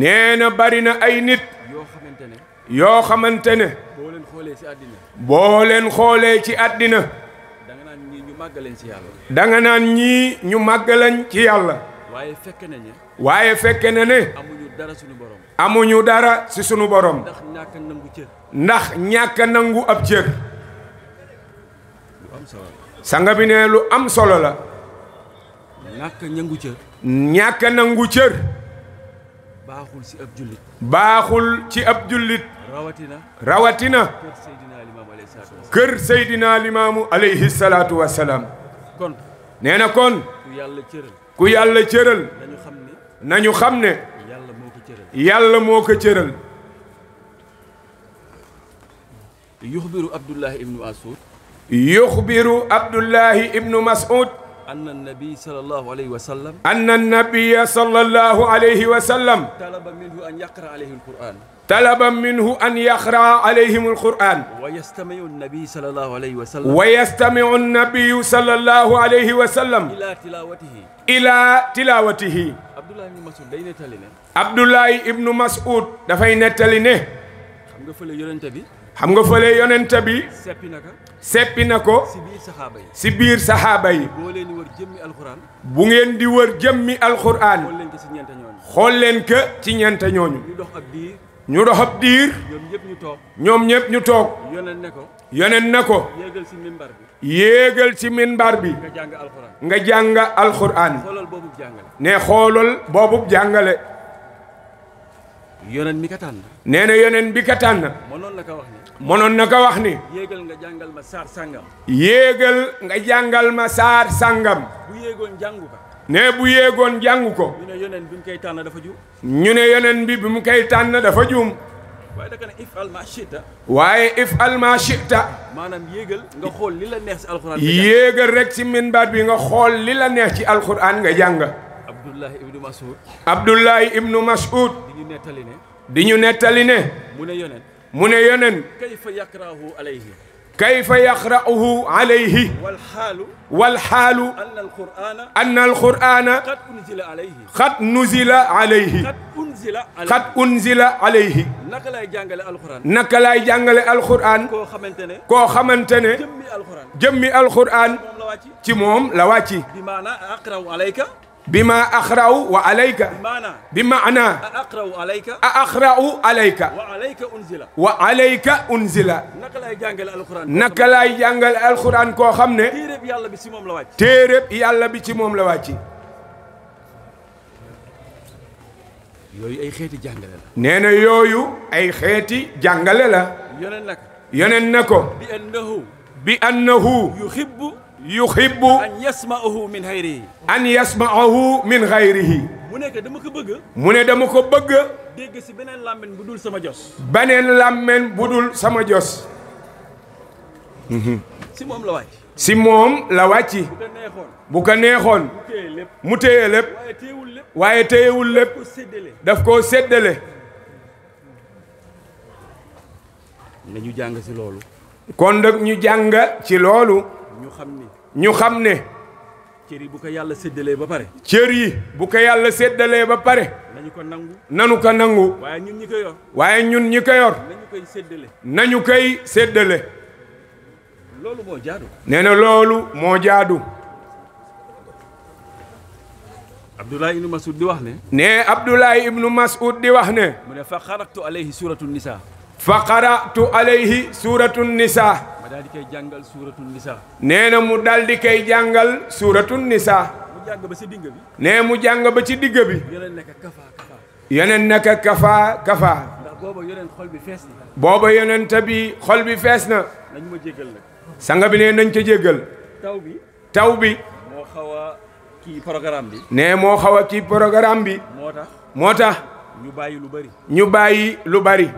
nee na bari na ay nit yoo xamante ne boo leen xoolee ci àddina danga naan ñii ñu màggalañ ci yàlla waaye fekke na ne amuñu dara sunu borom amuñu dara ci sunu borom ndax ñàkk nangu ab cër sanga bi ne lu am solo la ñàkk a nangu cër ñàkk nangu cër baaxul ci ab jullit baaxul ci ab jullit rawatina rawatina kër Seydina Limaamu alayhi salaatu wa salaam kon nee na kon ku yàlla cëral nañu nañu xam ne yàlla moo ko cëral yuxbiru abdullahi ibnu mas'ud yuxbiru abdullahi ibnu mas'ud أن النبي صلى الله عليه وسلم أن النبي صلى الله عليه وسلم طلب منه أن يقرأ عليه القرآن طلب منه أن يقرأ عليهم القرآن ويستمع النبي صلى الله عليه وسلم ويستمع النبي صلى الله عليه وسلم إلى تلاوته إلى تلاوته عبد الله بن مسعود day nettali ne. Abdoulaye ibnu Mas'ud dafay nettali ne. xam nga fële yonent bi. xam nga fële yonent bi seppi na ko seppi na ko si biir saxaaba yi si biir saxaaba yi boo leen jëmmi alxuraan bu ngeen di wër jëmmi alxuraan xool leen ko ci ñeent ñooñu xool leen ko ci ñeent ñooñu ñu dox ab diir ñu dox ab diir ñoom ñëpp ñu toog ñoom ñëpp ñu toog yonent ne ko yonent ne ko yéegal ci minbar bi ci minbar bi nga jàng alxuraan nga jàng alxuraan xoolal boobu jàngale ne xoolal boobu jàngale yonent mi ka tànn nee na yonent bi ka tànn mënoon na ko wax ni noon na ko wax ni. yéegal nga jàngal ma saar sàngam. yéegal nga jàngal ma saar sàngam. bu yéegoon jàngu ko. ne bu yéegoon jàngu ko. ñu ne yoneen bi mu koy tànn dafa juum. ñu ne yoneen bi bi mu koy tànn dafa juum. waaye da nga ne ifal ma shita. waaye ifal ma shita. maanaam yéegal nga xool li la neex ci alxuraan. yéegal rek ci minbaat bi nga xool li la neex ci alxuraan nga jàng. Abdullahi ibnu Mas'ud. Abdullahi ibnu Mas'ud. di ñu nettali ne. di ñu nettali ne. mu ne yoneen. mu ne yeneen kayfa yaqra'uhu alayhi kayfa yaqra'uhu alayhi wal xaalu anna alqur'ana xat nuzila alayhi xat unzila alayhi naka lay jàngale alqur'an naka lay jàngale alqur'an koo xamante ne koo xamante ne jëmmi alqur'an ci moom la wàcc bi maana aqra'u alayka بما أخرأ وعليك بمعنى أقرأ عليك أقرأ عليك وعليك أنزل وعليك أنزل naka lay jàngal alxuraan naka lay jàngal alxuraan koo xam ne téereb yàlla bi ci moom la wàcc téereb yàlla bi ci moom la wàcc yooyu ay xeeti jàngale la nee na yooyu ay xeeti jàngale la yoneen na ko yoneen na ko bi annahu bi annahu yuhibbu yuhibbu an yasma'ahu min xayrihi an yasma'ahu min xayrihi mu ne dama ko bëgg mu ne dama ko bëgg dégg si beneen làmmen bu dul sama jos beneen làmmen bu dul sama jos si moom la wàcc bu ka neexoon mu téye lépp waaye téyewul lépp daf koo séddale nañu jàng si loolu kon nag ñu jàng ci loolu ñu xam ne. ñu xam ne. cër yi bu ko yàlla séddalee ba pare. cër yi bu ko yàlla séddalee ba pare. nañu ko nangu. nanu ko nangu. waaye ñun ñi ko yor. waaye ñun ñi ko yor. nañu koy séddale. nañu koy séddale. loolu moo jaadu. nee na loolu moo jaadu. Abdoulaye ibnu Mas'ud di wax ne. nee Abdoulaye ibnu Mas'ud di wax ne. mu ne fa qara'tu alayhi suuratu ma daal di koy jàngal suuratu nisaa. nee na mu daal di koy jàngal suuratu nisaa. mu ba ci digg bi. nee mu jàng ba ci digg bi. yeneen naka ka kafaa. yeneen naka kafaa kafaa. ndax booba yeneen xol bi fees na. booba yeneen tabi xol bi fees na. nañ ma jéggal nag. sanga bi nee nañ ca jéggal. taw bi taw bi. moo xaw kii programme bi. nee moo xaw a kii programme bi. moo tax moo tax. ñu bàyyi lu bari. ñu bàyyi lu bari.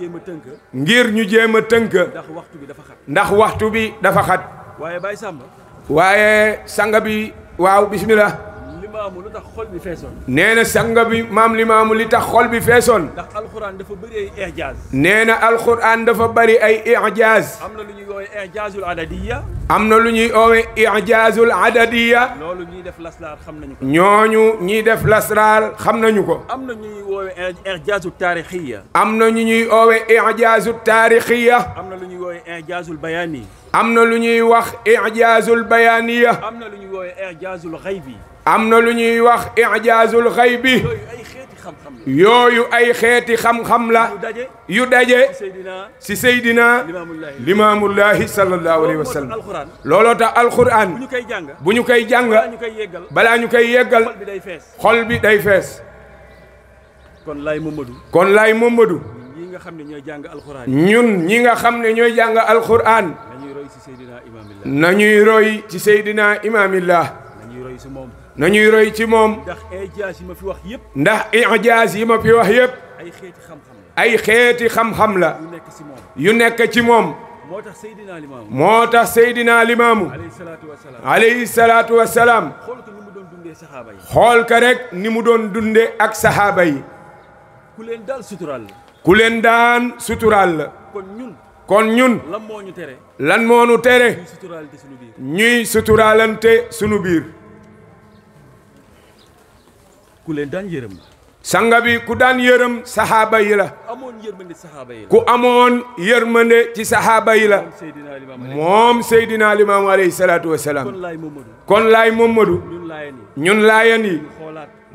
jéem tënk. ngir ñu jéem a tënk. ndax waxtu bi dafa xat. ndax waxtu bi dafa xat. waaye Baye Samba. waaye sanga bi waaw bismillah. bi maamu lu tax xol bi feesoon. nee na sanga bi maam limaamu li tax xol bi feesoon. ndax alxuraan dafa bëri ay nee na alxuraan dafa bëri ay ijaaz. am na lu ñuy woowee ijaazul adadiya. am na lu ñuy woowee ijaazul adadiya. loolu ñuy def lasraar xam nañu ko. ñooñu ñiy def lasraar xam nañu ko. am na ñuy woowee ijaazul taarixiya. am na ñu ñuy woowee ijaazul taarixiya. am na lu ñuy woowee ijaazul bayaani. am na lu ñuy wax ijaazul bayaaniya. am na lu ñuy woowee ijaazul xaybi. am na lu ñuy wax ijaazul xaybi yooyu ay xeeti xam-xam la yu daje si Seydina limaamullahi sallallahu alayhi wa sallam looloo tax alquran bu ñu koy jàng balaa ñu koy yeggal xol bi day fees kon lay Momadou kon lay Momadou ñun ñi nga xam ne ñooy jàng alquran ñun ñi nga xam ne ñooy jàng alquran nañuy roy ci Seydina imaamillah roy ci Seydina imaamillah nañuy roy ci moom ñuy roy ci moom. ndax ijaas yi ma fi wax yëpp. ndax ijaas yi ma fi wax yëpp. ay xeeti xam-xam la. ay xeeti xam la. yu nekk ci moom. yu nekk ci moom. moo tax Seydina Limaamu. moo tax Seydina Limaamu. alayhi salaatu wa salaam. xool ko ni mu doon dundee saxaaba yi. xool ko ni mu doon dundee ak saxaaba yi. ku leen daan suturaal la. ku leen daan suturaal la. kon ñun. kon ñun. lan moo ñu tere. lan moo ñu tere. ñuy suturalante sunu biir. ku leen daan yërëm la. sanga bi ku daan yërëm saxaaba yi la. ku amoon yërmande ci saxaaba yi la. moom Seydina Limaamu aleyhi salaatu wa salaam. kon laay Momadou. ñun laayan yi.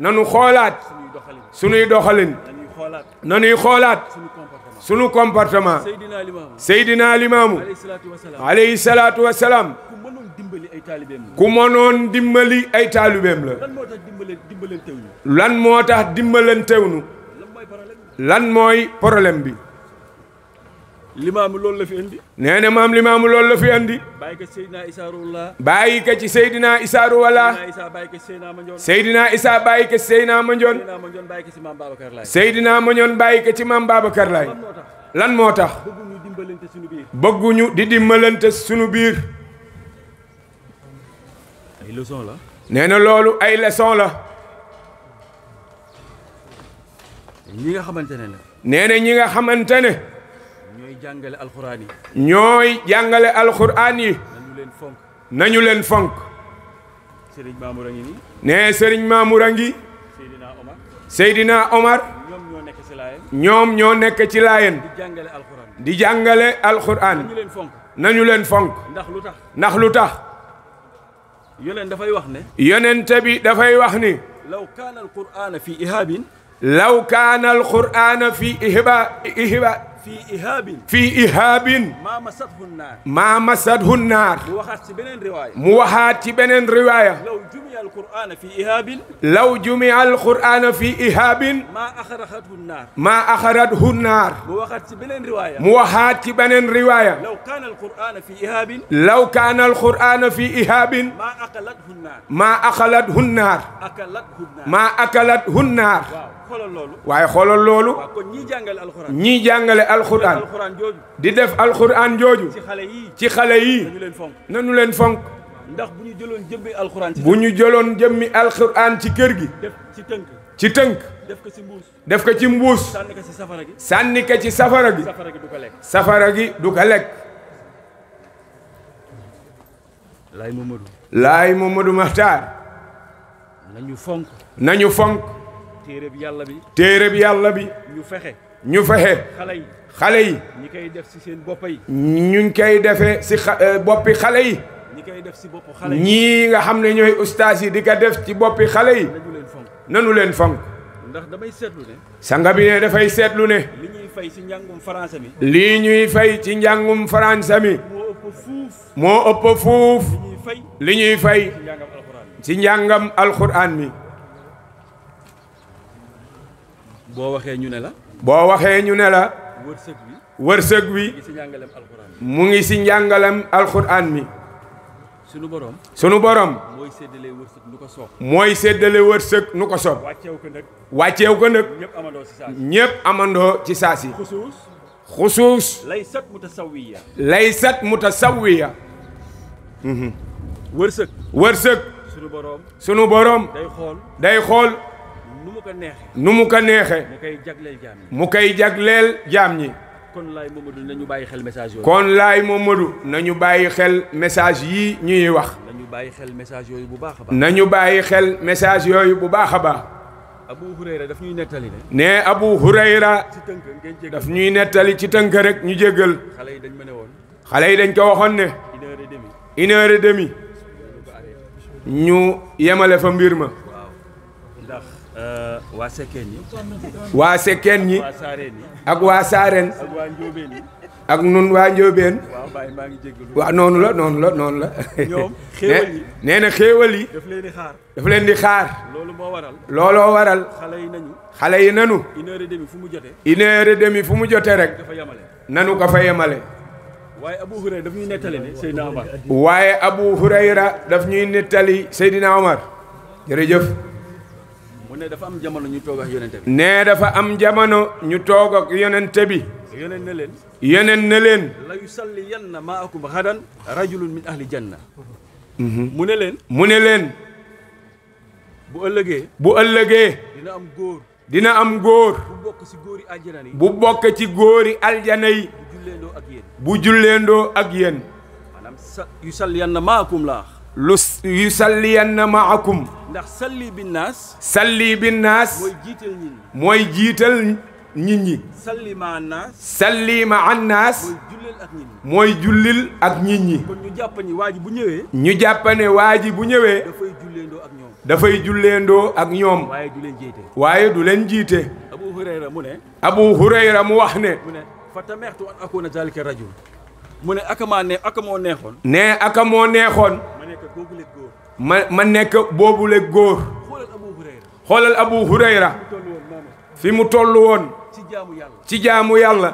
nanu xoolaat. sunuy doxalin. nanuy xoolaat. sunu comportement. Seydina Limaamu. aleyhi salaatu wa salaam. dimbali ay taalibeem la. ku mënoon dimbali ay taalibeem la. lan moo tax dimbali lan moo lan mooy problème bi. limaamu loolu la fi indi. nee na maam limaamu loolu la fi indi. bàyyi ko ci Seydina Issa Ruwala. bàyyi ko ci Seydina Issa Ruwala. Seydina Issa bàyyi ko ci Seydina Mandione. Seydina Mandione bàyyi ko ci ci maam Babacar lan moo tax. bëgguñu di dimbalante sunu biir. leçon la. nee na loolu ay leçon la. ñi nga xamante ne nag. nee ñi nga xamante ne. ñooy jàngale alxuraan yi. ñooy jàngale alxuraan yi. nañu leen fonk. nañu leen fonk. Serigne Mamour a ngi nii. nee Serigne Mamour a ngi. Seydina Omar. Seydina Omar. ñoom ñoo nekk ci laayeen. ñoom ñoo nekk ci laayeen. di jàngale alxuraan. di jàngale alxuraan. nañu leen fonk. ndax lu tax. yonent dafay wax ne. yonent bi dafay wax ni. law kaana alqur'aana fi ihaabin. law kaana alqur'aana fi ihiba ihiba. fii ihaabin fii ihaabin maa masathu naar maa masathu naar mu waxaat ci beneen riwaaya mu waxaat ci beneen riwaaya law jumia alqur'ana fii ihaabin law jumia alqur'ana fii ihaabin maa axarathu naar maa axarathu naar mu waxaat ci beneen riwaaya mu waxaat ci beneen riwaaya law kaana alqur'ana fii ihaabin law kaana alqur'ana fii ihaabin maa axalathu naar maa axalathu naar maa akalathu naar waaye xoolal loolu ñiy jàngale alxuraan di def alxuraan jooju ci xale yii nanu leen fonk ndax bu ñu jëloon jëmmi alxuraan bu ñu jëloon jëmmi alxuraan ci kër gi ci tënk ci tënk def ko ci mbuus def ko ci mbuus sànni ci safara gi sànni ci safara gi safara gi du ko lekk laay Mamadou du Mamadou Maxtaar nañu fonk nañu fonk téere bi yàlla bi. téere bi yàlla bi. ñu fexe. ñu fexe. xale yi xale yi. ñi def si seen bopp ñu koy defee si xa euh, boppi xale yi. ñi koy def si boppu xale yi. ñii nga xam ne ñooy ustaas di ko def ci boppi xale yi. nanu leen fonk nanu leen fonk. ndax damay seetlu ne. sanga bi ne dafay seetlu ne. li ñuy fay ci njàngum faransa mi. lii ñuy fay ci njàngum faransa moo ëpp fuuf. moo li ñuy fay. li ñuy ci njàngam alxuraan mi. boo waxee ñu ne la. boo waxee ñu ne la. wërsëg wi. wërsëg wi. mu ngi si njàngalem alxuraan mi. sunu borom. sunu borom. mooy séddale wërsëg nu ko soob. mooy séddale wërsëg nu ko soob. wàcceew ko nag. wàcceew ko nag. ñëpp amandoo ci saa si. ñëpp amandoo ci saa si. xusuus. xusuus. laysat mutasawiya. laysat mutasawiya. wërsëg. wërsëg. sunu borom. day xool. ko nu mu ko neexee. mu koy jagleel mu koy jagleel jaam ñi. kon laay Momadou nañu bàyyi xel message yooyu. kon laay Momadou nañu bàyyi xel message yii ñuy wax. nañu bàyyi xel message yooyu bu baax a baax. bàyyi xel message yooyu bu baax a baax. Abu daf ñuy nettali ne. nee Abu Hurayra. ci tënk ngeen ñuy nettali ci tënk rek ñu jégal. xale yi dañ ma ne xale yi dañ ko waxoon ne. une heure et ñu yemale fa mbir ma. Euh, waa Sekkeen ñi. waa Sekkeen ñi. ak waa Saareen. ak waa Njóobeen ñi. ak nun waa Njóobeen. waaw maa ngi jégalu. waaw noonu la noonu la noonu la. ñoom xéewal nee na xéewal yi. daf leen di xaar. daf leen di xaar. loolu moo waral. looloo waral. xale yi nañu. xale yi nañu. une heure fu mu jotee. une fu mu jotee rek. nanu ko fa yemale. waaye Abu Hurayra daf ñuy nettali ne Seydina Omar. waaye Abu Hurayra daf ñuy nettali Seydina Omar jërëjëf. mu ne dafa am jamono ñu toog ak yonente ne dafa am jamono ñu toog ak yonente bi. yeneen ne leen. yeneen ne leen. la yusalliyanna maakum gadan rajulun min ahli janna. Mhm. mu ne leen. mu ne leen. bu ëllëgee. bu ëllëgee. dina am góor. dina am góor. bu bokk ci góori aljana yi. bu bokk ci góori yi. bu ak yéen. bu julleendoo ak yéen. lu yusalliyanna maakum ndax salli binnaas salli binnaas mooy jiital nit ñi mooy jiital ma annaas salli ma annaas mooy jullil ak nit ñi kon ñu jàpp ne waa ji bu ñëwee ñu jàppane ne waa ji bu ñëwee dafay julleendoo ak ñoom dafay ak ñoom waaye du leen jiite abu hurayra mu wax ne mu ne fa tamextu an neexoon ma ma nekk boobule góor xoolal abu hurayra fi mu toll woon ci jaamu yàlla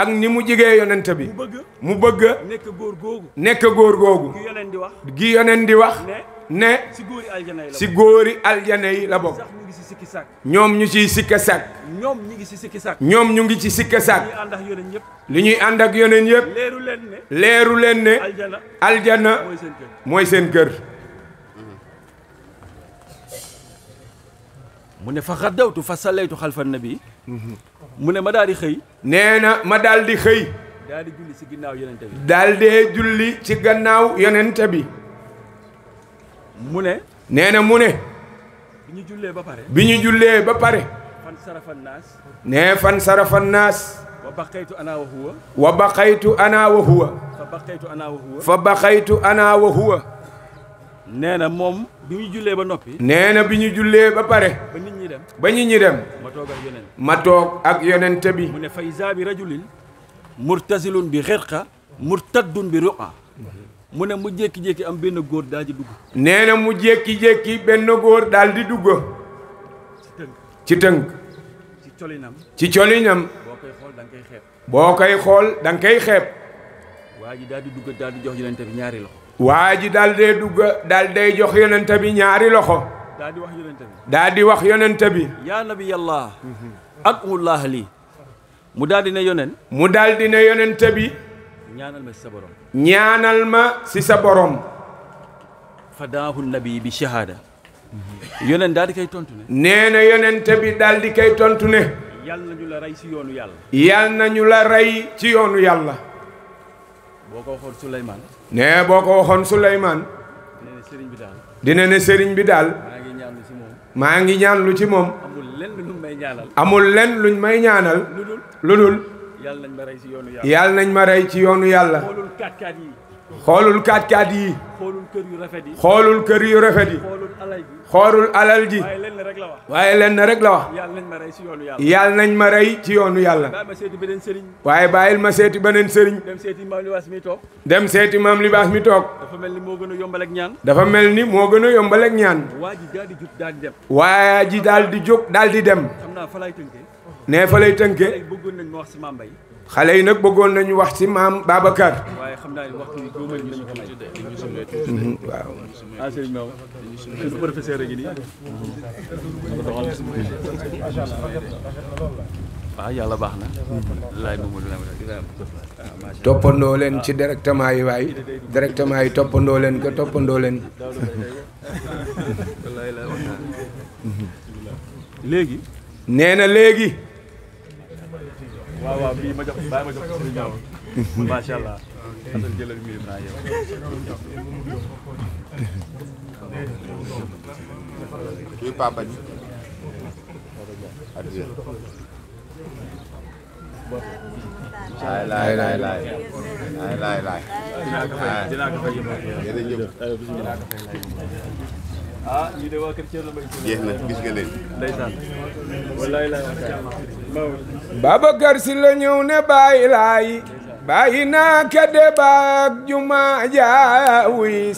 ak ni mu jegee yonent bi mu bëgg nekk góor googu gi yonent di wax gi yonent di wax ne si góori aljana yi la si góori aljana yi la bokk. ñoom ñu ciy sikka sàkk. ñoom ñu ngi ci sikka sàkk. ñoom ñu ngi ci sikka sàkk. li ñuy ànd ak yoneen yëpp. leeru leen ne. leeru leen ne. aljana aljana mooy seen kër. Mhm. mu ne fa xaddawtu fa sallaytu xalfa nabi. Mhm. mu ne ma daal di xëy. nee na ma daldi xëy. daal di julli ci ginnaaw yonente bi. daal dee ci gannaaw yonente bi. mu ne. nee na mu ne. bi ñu jullee ba pare. bi ñu jullee ba pare. fan nee fan sarafan naas. wa baqaytu ana wa huwa. wa baqaytu ana wa huwa. fa baqaytu ana wa huwa. fa nee na moom bi ñu jullee ba noppi. nee na bi ñu jullee ba pare. ba nit ñi dem. ba nit ñi dem. ma toog ak yonent. ma ak yonent bi. mu ne fa izaa bi rajulin. murtazilun bi xirqa. murtaddun bi ruqa. mu ne mu jékki-jékki am benn góor daal di dugg. nee mu jékki-jékki benn góor daal di dugg. ci tënk ci colinam ci colinam. boo koy koy boo koy xool da koy xeeb. waa ji daal di dugg daal di jox yonent ñaari loxo. waa ji daal dugg daal day jox yonent bi ñaari loxo. daal di wax yonent daal di wax yonent bi. yaa nabi yàlla. ak wulaah lii. mu daal ne yonent. mu daldi di ne yonent bi. ñaanal ma si sa borom. ñaanal ma si sa borom. fadaahu nabi bi shahada. yonent daal di koy tontu ne. nee na yonent bi daal di koy tontu ne. yal na ñu la rey ci yoonu yàlla. yal na ñu la rey ci yoonu yàlla. boo ko waxoon Souleymane. nee boo waxoon Souleymane. dina ne sëriñ bi daal. dina bi daal. maa ngi ñaan lu ci moom. maa ngi ñaan lu ci moom. amul lenn luñ may ñaanal. lu dul lu dul. yàlla nañ ma rey ci yoonu yàlla. yàlla nañ ma rey ci yoonu yàlla. xoolul kaat-kaat yi. xoolul kaat-kaat yi. xoolul kër yu rafet yi. xoolul kër yu rafet yi. xoolul alal ji. waaye rek la wax. waaye lenn rek la wax. yàlla nañ ma rey ci yoonu yàlla. nañ ma rey ci yoonu yàlla. waaye bàyyil ma seeti beneen sëriñ. dem seeti maam libaas mi toog. dem seeti maam libaas mi toog. dafa mel ni moo gën a yombal ñaan. dafa mel ni moo gën a ñaan. waa ji daal di jóg daal di dem. ji daal di jóg daal di dem. nee fa lay tënke bëggoon nañ ma wax si maam xale yi nag bëggoon nañu wax si maam Babacar. waaye xam naa ne waxtu bi góobal nañu ko may. Mhm, waaw. ah sëñ Maodo. suñu ah, yàlla baax na. laaj moom toppandoo leen ci directement yi waay directement yi toppandoo leen ko toppandoo leen. léegi. nee na waaw waaw bii ma jox bàyyi ma jox ko Serigne Diaw macha allah xasan jëlal mii naa yow kii papa ji adieu laay laay laay laay laay laay laay dinaa ko fay dinaa ko fay yëpp jërëjëf dinaa ko fay ah ñu de waa kër Thierno si la ñëw ne bàyyi laay naa kede baag juma ja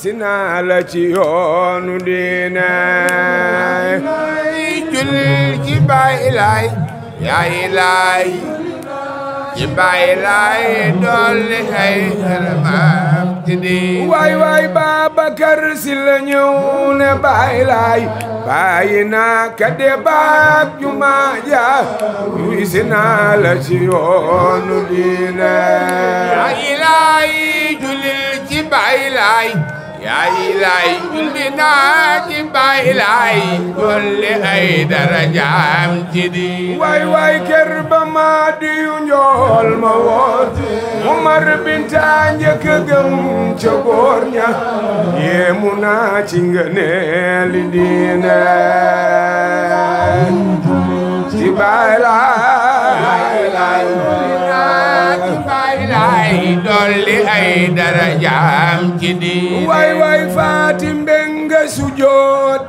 si naa la ci yoonu diine julil ci bàyyi laay yaayi laay ci bàyyi laay dolli xëy xelma di waay waay Babacar si la ne baay laay bàyyi naa ka baak juma ja wisi naa la ci yoonu diine. yaa ilaahi julil ci baay laay yaay laay julli naa ci baay laay dolli ay darajaam ci di waay waay kër ba maa di yu njool ma woote Umar binta njëkk gëm ca góor ña yéemu naa ci ngëneeli diine ci baay laay baay dolli ay darajaam ci diine way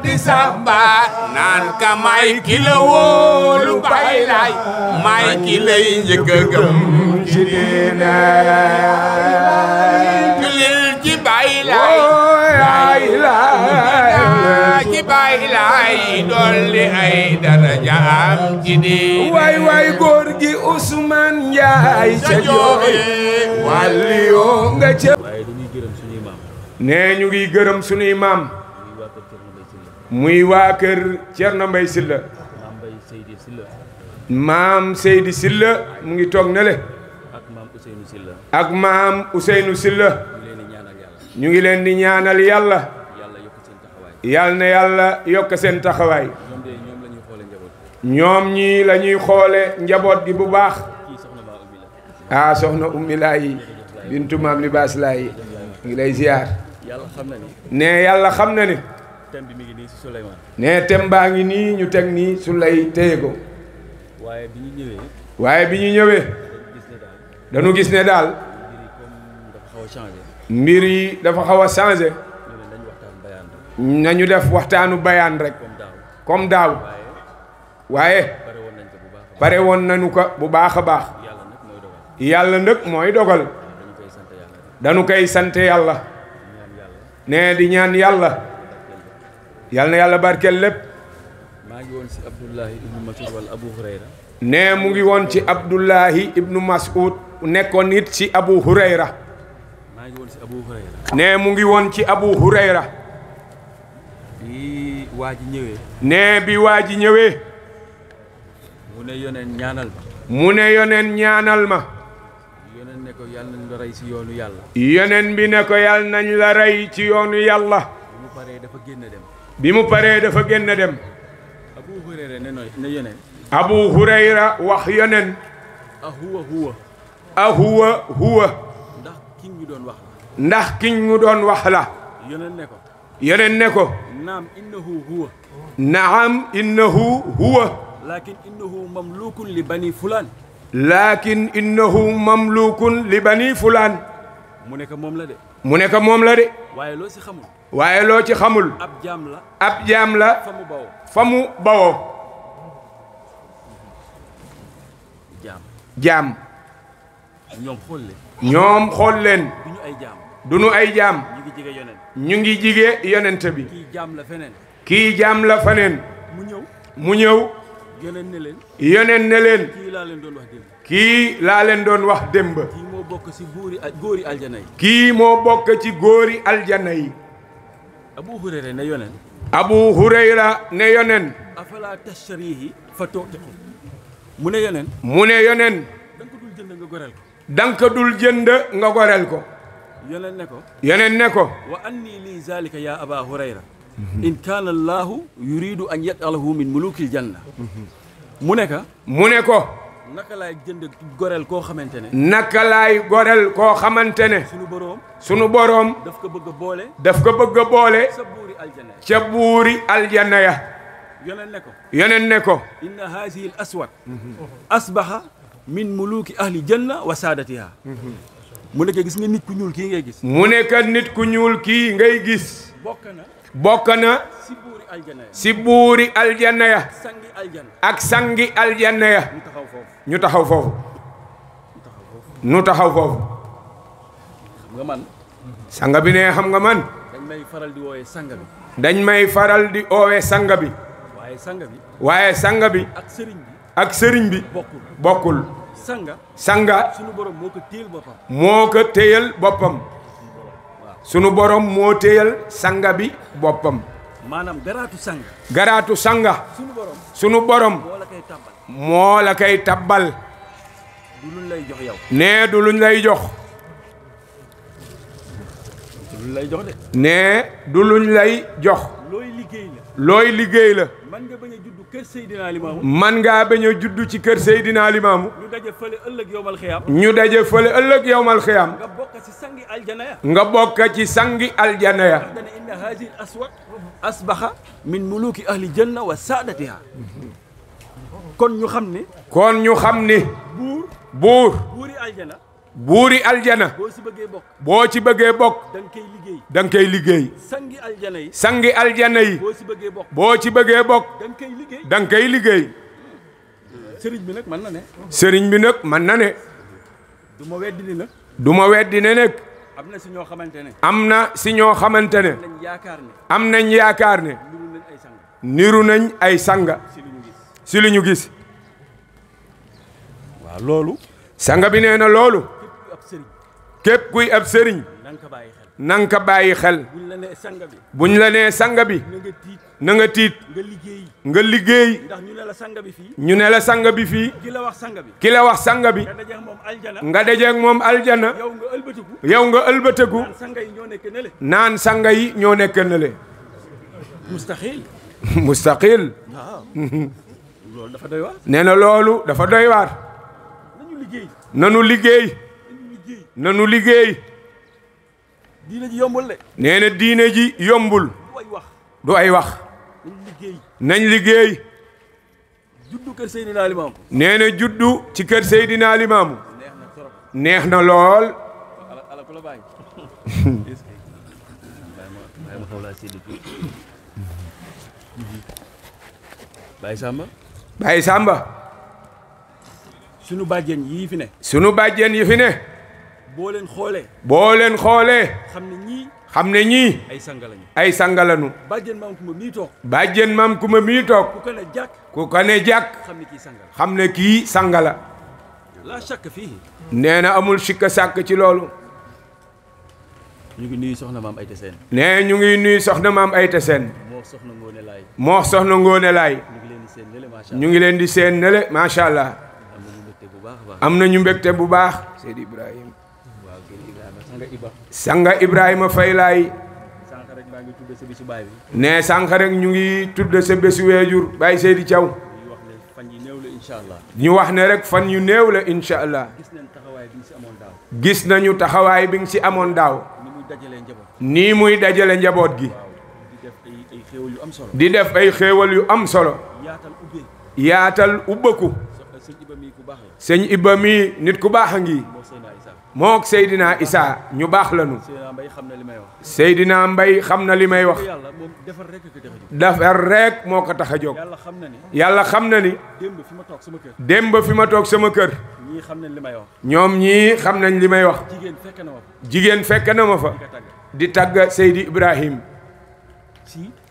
di samba naan may ki la bay lay may ki lay njëkk gëm ci diine julil ci bay lay waay laay dolli ay góor gi Ousmane Ndiaye ca jooy wàlli nga ca nee ñu ngi gërëm suñuy maam muy waa kër Cerno Mbay Silla maam Seydi Silla mu ngi toog ne le ak maam Ousseynou Silla ñu ngi leen di ñaanal yàlla yal na yàlla yokk seen taxawaay. ñoom ñii la ñuy xoole njaboot gi bu baax. ah soxna ummi laay bintu maam libaas laay ngi lay ziar. ne yàlla xam na ne. thème bi mi ngi nii baa ngi nii ñu teg nii su lay téye ko. waaye bi ñu ñëwee. waaye bi ñu ñëwee. dañu gis ne daal. mbir yi dafa xaw a changé. mbir yi dafa xaw a changé. nañu def waxtaanu bayaan rek comme daaw waaye pare woon nañu ko bu baax a baax yàlla nag mooy dogal dañu koy sant yàlla nee di ñaan yàlla yàlla yàlla barkeel lépp maa ngi woon ci Abdullahi ibnu Mas'ud Abu Hurayra nee mu ngi woon ci Abdullahi ibnu Mas'ud nekkoon it ci Abu Hurayra maa ngi woon ci Abu Hurayra nee mu ngi woon ci Abu Hurayra waa ji ñëwee. nee bi waa ji ñëwee. mu ne yoneen ñaanal ma. mu ne yoneen ñaanal ma. yoneen ne ko rey ci yoonu yàlla. yoneen bi ne ko yal nañ la rey ci yoonu yàlla. bi mu paree dafa génn dem. bi mu paree dafa génn dem. Abu Hurayra ne ne wax yoneen. ahuwa huwa. ahuwa ndax kiñ ñu doon wax la. ndax kiñ ñu doon wax la. yeneen ne ko naam innahu huwa naam innahu huwa lakin innahu mamlukun li bani fulaan lakin innahu mamlukun li bani fulaan mu nekk moom la de mu nekk moom la de waaye loo ci xamul waaye loo ci xamul ab jaam la ab jaam la fa mu bawoo fa mu jaam jaam ñoom xool leen ñoom ay jaam duñu ñu ngi jige yonent bi. kii jaam la feneen. kii jaam la feneen. mu ñëw mu ñëw. yoneen ne leen. yoneen ne kii laa leen doon wax démb. kii laa leen doon wax démb. kii moo bokk ci góori góori aljana yi. kii moo bokk ci góori aljana yi. Abu Hurayra ne yoneen. Abu Hurayra ne yoneen. afala tashtarihi fa mu ne yoneen. mu ne yoneen. danga dul jënd nga gorel ko. dul jënd nga gorel ko. yeneen ne ko yeneen ne ko wa anni lii zalika ya aba hurayra in kaana allahu yuridu an yatalahu min mulukil janna mu ne ka mu ne ko naka laay jënd gorel koo xamante ne naka laay gorel koo xamante ne sunu boroom sunu boroom daf ko bëgg a boole daf ko bëgg a boole ca buuri aljanna ca buuri aljanna ya yeneen ne ko yeneen ne ko inna haadihi al aswad asbaha min muluki ahli janna wa saadatiha mu ne gis nga nit ku ñuul kii ngay gis. mu ne kat nit ku ñuul kii ngay gis. bokk na bokk na. si buuri aljana ya ak sangi aljana ya. ñu taxaw foofu. ñu taxaw foofu. xam man. sanga bi ne xam nga man. dañ may faral di woowe sanga bi. dañ may faral di woowe sanga bi. waaye sanga waaye sanga bi. sëriñ bi. ak sëriñ bi bokkul. sanga sanga sunu borom moo ko téyel boppam moo ko téyel boppam sunu borom moo téyel sanga bi boppam maanaam garaatu sanga garaatu sanga sunu borom sunu borom moo la koy tabbal lay jox yow nee du luñ lay jox lay jox de nee du luñ lay jox looy liggéey la kër Seydina Limaamu man ngaa bañ juddu ci kër Seydina Limaamu ñu daje fële ëllëg yowmal xiyaam ñu daje fële ëllëg yowmal xiyaam nga bokk ci sangi aljana ya nga bokk ci sangi aljana ya kon ñu xam ni kon ñu xam ni buur buuri aljana boo ci bëggee bokk da nga koy liggéey sangi aljana yi boo ci bëggee bokk da nga koy liggéey sëriñ bi nag mën na ne sëriñ bi nag mën na ne du ma weddi ne du ma weddi ne am na si ñoo xamante ne am na si ñoo xamante ne am nañ yaakaar ne niru nañ ay sanga si lu ñu gis waaw loolu sanga bi nee na loolu képp kuy ab sëriñ na nga ko bàyyi xel buñ la nee sanga bi na nga tiit nga liggéey ndax ñu ne la sanga bi fii ñu ne la sanga bi fii ki la wax sanga bi ki la wax sanga bi nga dajeeg moom aljana yow nga ëlbatiku yow nga ëlbatiku naan sanga yi ñoo nekk nële mustaqil mustaqil nee na loolu dafa doy waar nanu liggéey nanu liggéey. diine ji yombul de. nee na ji yombul. du ay wax du nañ liggéey nañ liggéey. juddu kër Seydina Limaamu. ci kër Seydina neex na lool. Baye Samba. Baye Samba. sunu bàjjen yi fi ne. sunu bàjjen yi fi ne. boo leen xoolee. boo leen xoolee. xam ne ñii. xam ne ñii. ay sangalañu. ay sangalañu. bàjjen maam kuma mii toog. bàjjen maam kuma mii toog. ku ko ne jàkk. ku ko ne jàkk. xam ne kii sangala. xam ne kii sangala. laa chàkk fii. nee na amul sikka sàkk ci loolu. ñu ngi nuyu soxna maam Ayta Seen. nee ñu ngi nuyu soxna maam ay Seen. moo soxna Ngone Laay. moo soxna Ngone Laay. ñu ngi leen di seen nele macha allah. am na ñu mbégte bu baax. Seydi Ibrahima. sanga Ibrahima Faye laay. ne sànq rek ñu ngi tudd sa bésu weejur Baye Seydi Thiaw. ñu wax ne rek fan yu néew la incha allah. gis nañu taxawaay bi nga si amoon daaw. nii muy dajale njaboot gi. di def ay xéewal yu am solo. yaatal ubbaku. sëñ Iba mii nit ku baax a ngi. mook Seydina Isa ñu baax lañu Seydina Mbay xam na li may wax defar rek moo ko tax a jóg yàlla xam na ni démb fi ma toog sama kër ñoom ñii xam nañ li may wax jigéen fekk na ma fa di tàgg Seydi Ibrahim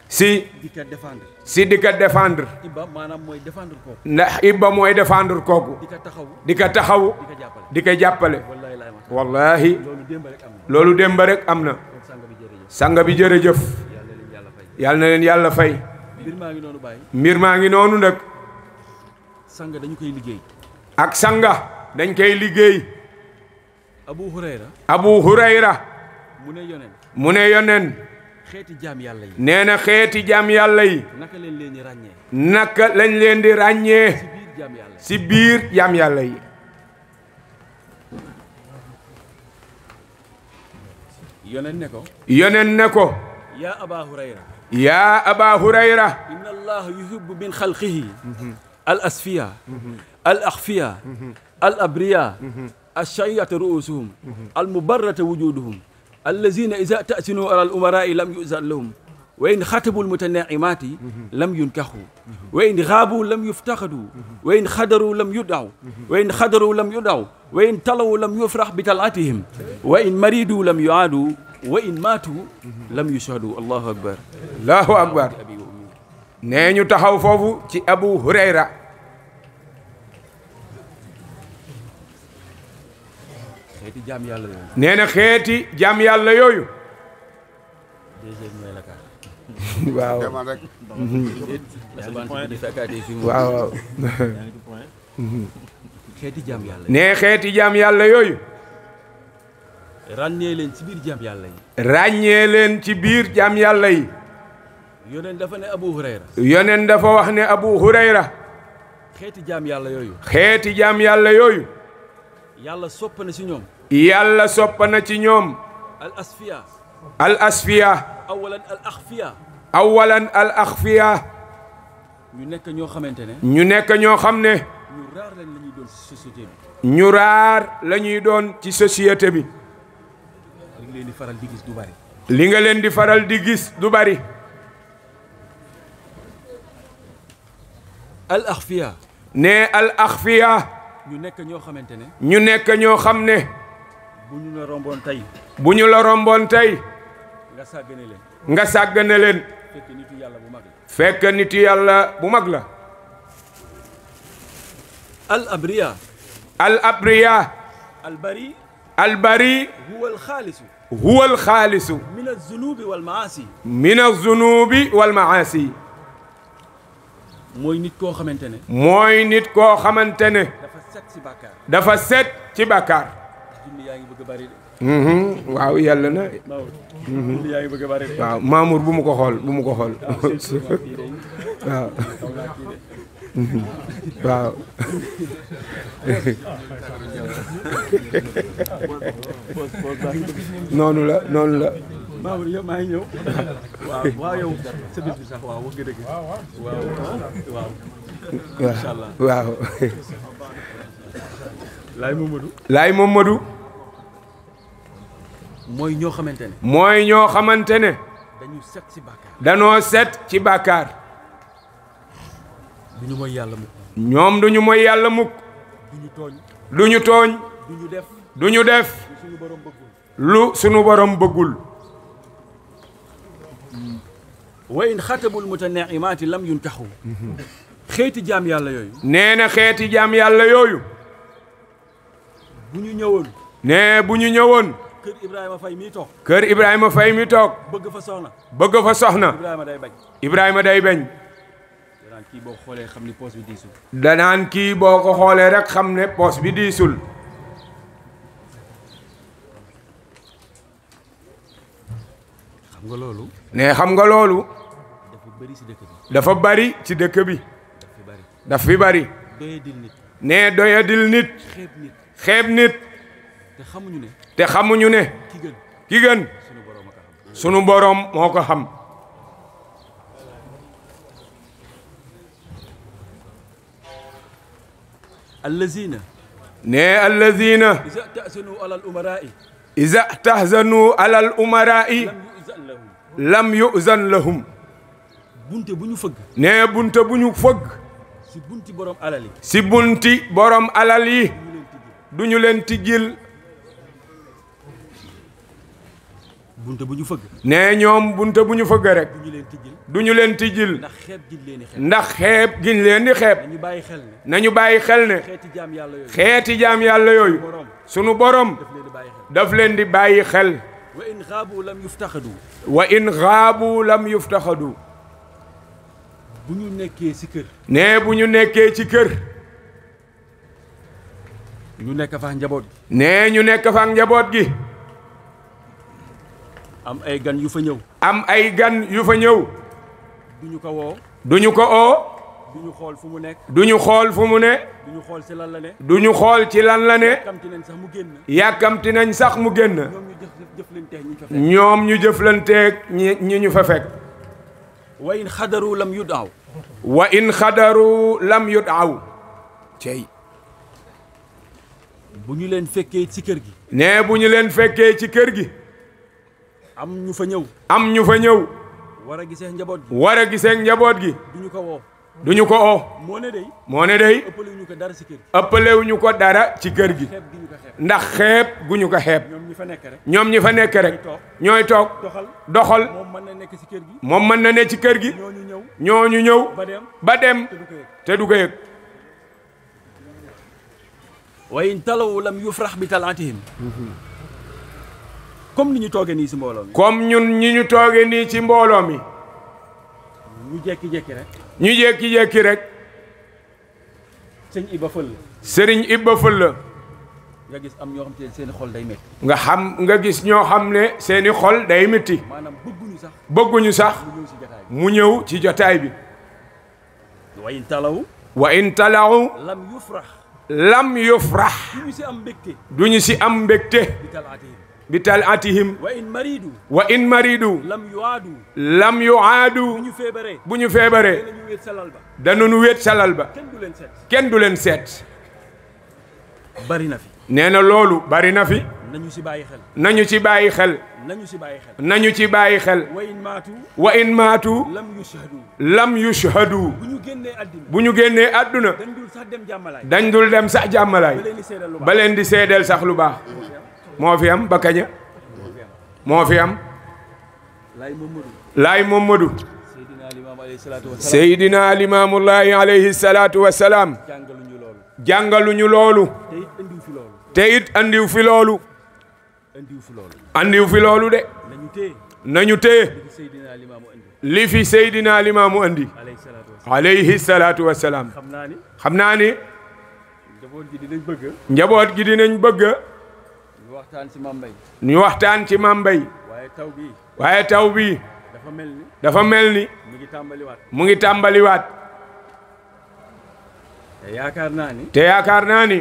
si di ko défendre si di ko défendre. maanaam mooy défendre ndax Ibba mooy défendre kooku. di ko taxawu di ko taxawu. di ko jàppale. wallaahi loolu démb rek am na. sanga bi jërëjëf. yàlla na leen yàlla fay. mbir maa ngi noonu bàyyi. mbir maa ngi noonu nag. sanga dañu koy liggéey. ak sanga dañ koy liggéey. Abu Hurayra. mu ne yoneen. xeeti jaam yàlla yi. nee na xeeti jaam yàlla yi. naka lañ leen di ràññee. naka lañ leen di ràññee. si biir jaam yàlla yi. yonen ne ko. yonen ne ko. yaa Aba Hurayra. yaa Aba Hurayra. inna allah yuhibbu min xalqihi. al asfiya. al axfiya. al abriya. al shayata ruusuhum. al mubarrata wujuduhum. allazina ida tasinu ala al umarai lam yuzan lahum wa in xatabul mutanaimaati lam yunkaxu wa in xaabu lam yuftaxadu wa in xadaru lam yudaw wa in xadaru lam yudaw wa in talaw lam yufrax bi talaatihim wa in maridu lam yuaadu wa in maatu lam yushadu allahu akbar allahu akbar nee ñu taxaw foofu ci abu hurayra xeeti yàlla nee na xeeti jaam yàlla yooyu. waaw. waaw waaw. xeeti jaam xeeti jaam yàlla yooyu. ràññee leen ci biir jaam yàlla yi. ràññee leen ci biir jaam yàlla yi. yoneen dafa ne Abu Hurayra. yoneen dafa wax ne Abu Hurayra. xeeti jaam yàlla yooyu. xeeti jaam yàlla yooyu. yàlla sopp na ci ñoom. yàlla soppa na ci ñoom al asfiya al asfiya awalan al axfiya awalan al axfiya ñu nekk ñoo xamante ne ñu nekk ñoo xam ne ñu raar lañ la ñuy doon ci société bi li nga leen di faral di gis du bari li nga leen di faral di gis du bari al axfiya ne al axfiya nekk ñoo xamante ne ñu nekk ñoo xam ne bu ñu la romboon tey. bu ñu la romboon tey. nga sàggane leen. nga sàggane leen. fekk yàlla bu mag la. fekk nitu bu mag la. al abriya. al abriya. bari. huwa al xaalisu. huwa al xaalisu. min az-zunubi wal maasi. min mooy nit koo xamante mooy nit koo xamante ne. dafa set ci bàkkaar. dafa set ci bàkkaar. yaa ngi bëgg a bari mhm, waaw yàlla na. yaa ngi bëgg a bari de. waaw Mamour bu mu ko xool bu mu ko xool. waaw. Mhm, waaw. noonu la noonu la. ngi ñëw. waaw waaw Laay Momadou. Laay Momadou. mooy ñoo xamante ne. mooy ñoo xamante ne. dañoo set ci bàkkaar. dañoo set ci bàkkaar. duñu yàlla mukk. ñoom duñu mooy yàlla mukk. duñu tooñ. duñu tooñ. duñu def. duñu def. lu sunu borom bëggul. Mm. wa in xatabul mutanaaimaati lam yuntaxu. Mm-hmm. xeeti jaam yàlla yooyu. nee na xeeti jaam yàlla yooyu. bu ñu ñëwoon. nee bu ñu ñëwoon. kër Ibrahima fay mi toog. kër Ibrahima Faye toog. bëgg fa soxna. bëgg fa soxna. Ibrahima day bañ. Ibrahima day bañ. danaan kii boo xoolee xam ne poos bi diisul. danaan kii boo ko xoolee rek xam ne poos bi diisul. xam nga loolu. ne xam nga loolu. dafa bari ci dëkk bi. dafa bari ci dëkk bi. daf bari. doyadil nit. ne doyadil nit. xeeb nit. xamuñu ne. te xamuñu ne ki gën sunu boroom moo ko xam allazina ne allazina iza tahzanu alal umara'i lam yuzan lahum bunte bu bu ñu fëgg si bunti borom alal yi yi du ñu leen tiggil bunte bu ñu fëgg. nee ñoom bunte bu ñu fëgg rek. du ñu leen tijjil du ñu leen tijjil. ndax xeeb gi leen di xeeb. ndax xeeb giñ leen di xeeb. nañu bàyyi xel ne. nañu bàyyi xel xeeti jaam yàlla yooyu. xeeti jaam yàlla yooyu. sunu borom. daf leen di bàyyi xel. wa in xaabu lam yuftaxadu. wa in xaabu lam yuftaxadu. bu ñu nekkee ci nee bu ñu nekkee ci kër. ñu nekk fa njaboot nee ñu nekk fa njaboot gi. am ay gan yu fa ñëw. am ay gan yu fa ñëw. duñu ko woo. duñu ko oo. duñu xool fu mu nekk. duñu xool fu mu ne. duñu xool ci lan la ne. duñu xool ci lan la ne. yàkkamti nañ sax mu génn. yàkkamti nañ sax mu génn. ñoom ñu jëflanteeg ñi ñu fa fekk. wa in xadaru lam yu daaw. wa in xadaru lam yu daaw. cey. bu ñu leen fekkee ci kër gi. nee bu ñu leen fekkee ci kër gi. am ñu fa ñëw. am ñu fa ñëw. war a gisee njaboot gi. war a gisee njaboot gi. du ko woo. du ko oo. moo ne day. moo ne day. ëppalewuñu ko dara ci kër gi. ko dara ci kër gi. ndax xeeb guñu ko xeeb. ñoom ñi fa nekk rek. ñoom ñi fa nekk rek. ñooy toog doxal. doxal moom mën na nekk ci kër gi. moom mën na ne ci kër gi. ñooñu ñëw. ñooñu ñëw. ba dem te du ko yëg. wa in talaw lam bi talaatihim mhm. comme ni ñu toogee nii ci mbooloo mi. comme ñun ñu toogee nii ci mbooloo mi. ñu jékki-jékki rek. jékki-jékki rek. sëñ Iba sëriñ Iba Fël nga gis am ñoo xam ne day nga xam nga gis ñoo xam ne seeni xol day metti maanaam bëgguñu sax. bëgguñu sax mu ñëw ci jotaay bi. wa in talaw. wa lam yufrax. du ñu si am mbégte. du si am mbégte. bi talaatihim wa in wa in maridu lam yuaadu lam yuaadu bu ñu feebaree bu ñu feebaree dañu wéet salal ba kenn du leen seet kenn du leen seet bari na fi nee na loolu bari na fi nañu ci bàyyi xel nañu ci bàyyi xel nañu ci bàyyi xel nañu ci bàyyi xel wa in maatu wa in maatu lam yushhadu lam yushhadu bu ñu génnee àdduna bu ñu génnee àdduna dañ sax dem jàmmalaay dañ dul dem sax jàmmalaay ba leen di seedeel sax lu baax moo fi am ba kaña moo fi am laay Momadou Seydina Limaamullaahi alayhi salaatu wa jàngaluñu loolu te it andiw fi loolu andiw fi loolu de nañu tee li fi Seydina Limaamu andi alayhi salaatu wa salaam xam naa ni njaboot gi dinañ bëgg waxtaan ci Mame Mbaye ñu waxtaan ci Mame Mbaye waaye taw bii waaye taw bii dafa mel ni dafa mel ni mu ngi tàmbaliwaat mu ngi tàmbaliwaat te yaakaar naa ni te yaakaar naa ni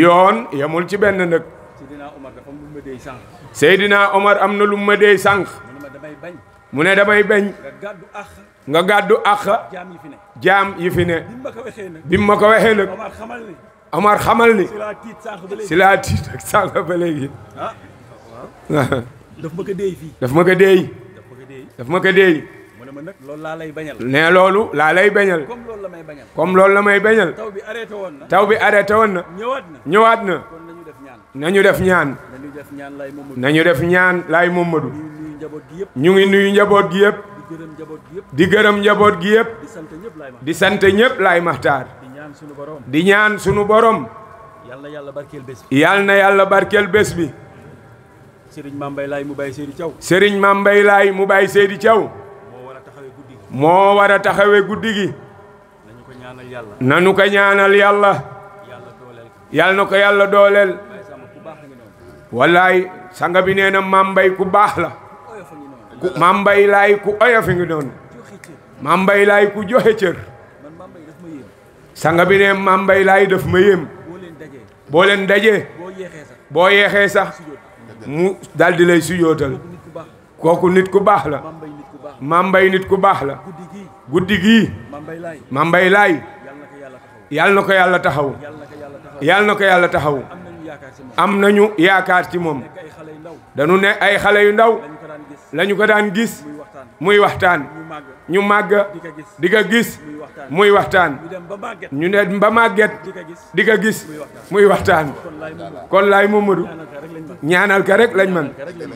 yoon yamul ci benn nag Seydina Omar dafa am lu ma dey Omar am na lu ma dey sànq mu ne damay bañ mu ne damay bañ nga gàddu àq nga gàddu àq jaam yi fi ne jaam yi fi ne bi ma ko waxee nag Amar xamal ni si laa tiit ak sànq ba léegi ah. daf ma ko déy fii daf ma ko déy daf ma ko déy loolu laa lay bañal ne loolu laa lay bañal comme loolu la may bañal comme loolu la may bañal taw bi arrêté woon na bi arrêté woon na ñëwaat na ñëwaat na ñu def ñaan nañu def ñaan lay Momadou nañu def ñaan lay Momadou ñu ngi nuyu njaboot gi yëpp di gërëm njaboot gi yëpp di sant ñëpp laay maxtaar di ñaan sunu borom yal na yàlla barkeel bés bi yal na yàlla barkeel bés bi sëriñ Mame Mbaye Laye mu bàyyi Seydi Thiaw sëriñ Mame Mbaye Laye mu bàyyi Seydi Thiaw moo war a taxawee guddi gi nanu ko ñaanal yàlla yal na ko yàlla dooleel wallaay sanga bi nee na Mame Mbaye ku baax la ku maam mbay laay ku oyof ngi doon maam mbay laay ku joxe cër sanga bi ne maam mbay laay daf ma yéem boo leen dajee boo yeexee sax mu dal di lay sujootal kooku nit ku baax la maam mbay nit ku baax la guddi gii maam mbay laay yàlla na ko yàlla taxaw yàlla na ko yàlla taxaw am nañu yaakaar ci moom dañu ne ay xale yu ndaw la ko daan gis muy waxtaan ñu màgg di ko gis muy waxtaan ñu ne ba màgget di ka gis muy waxtaan kon laay Mamadou ñaanal ka rek lañ man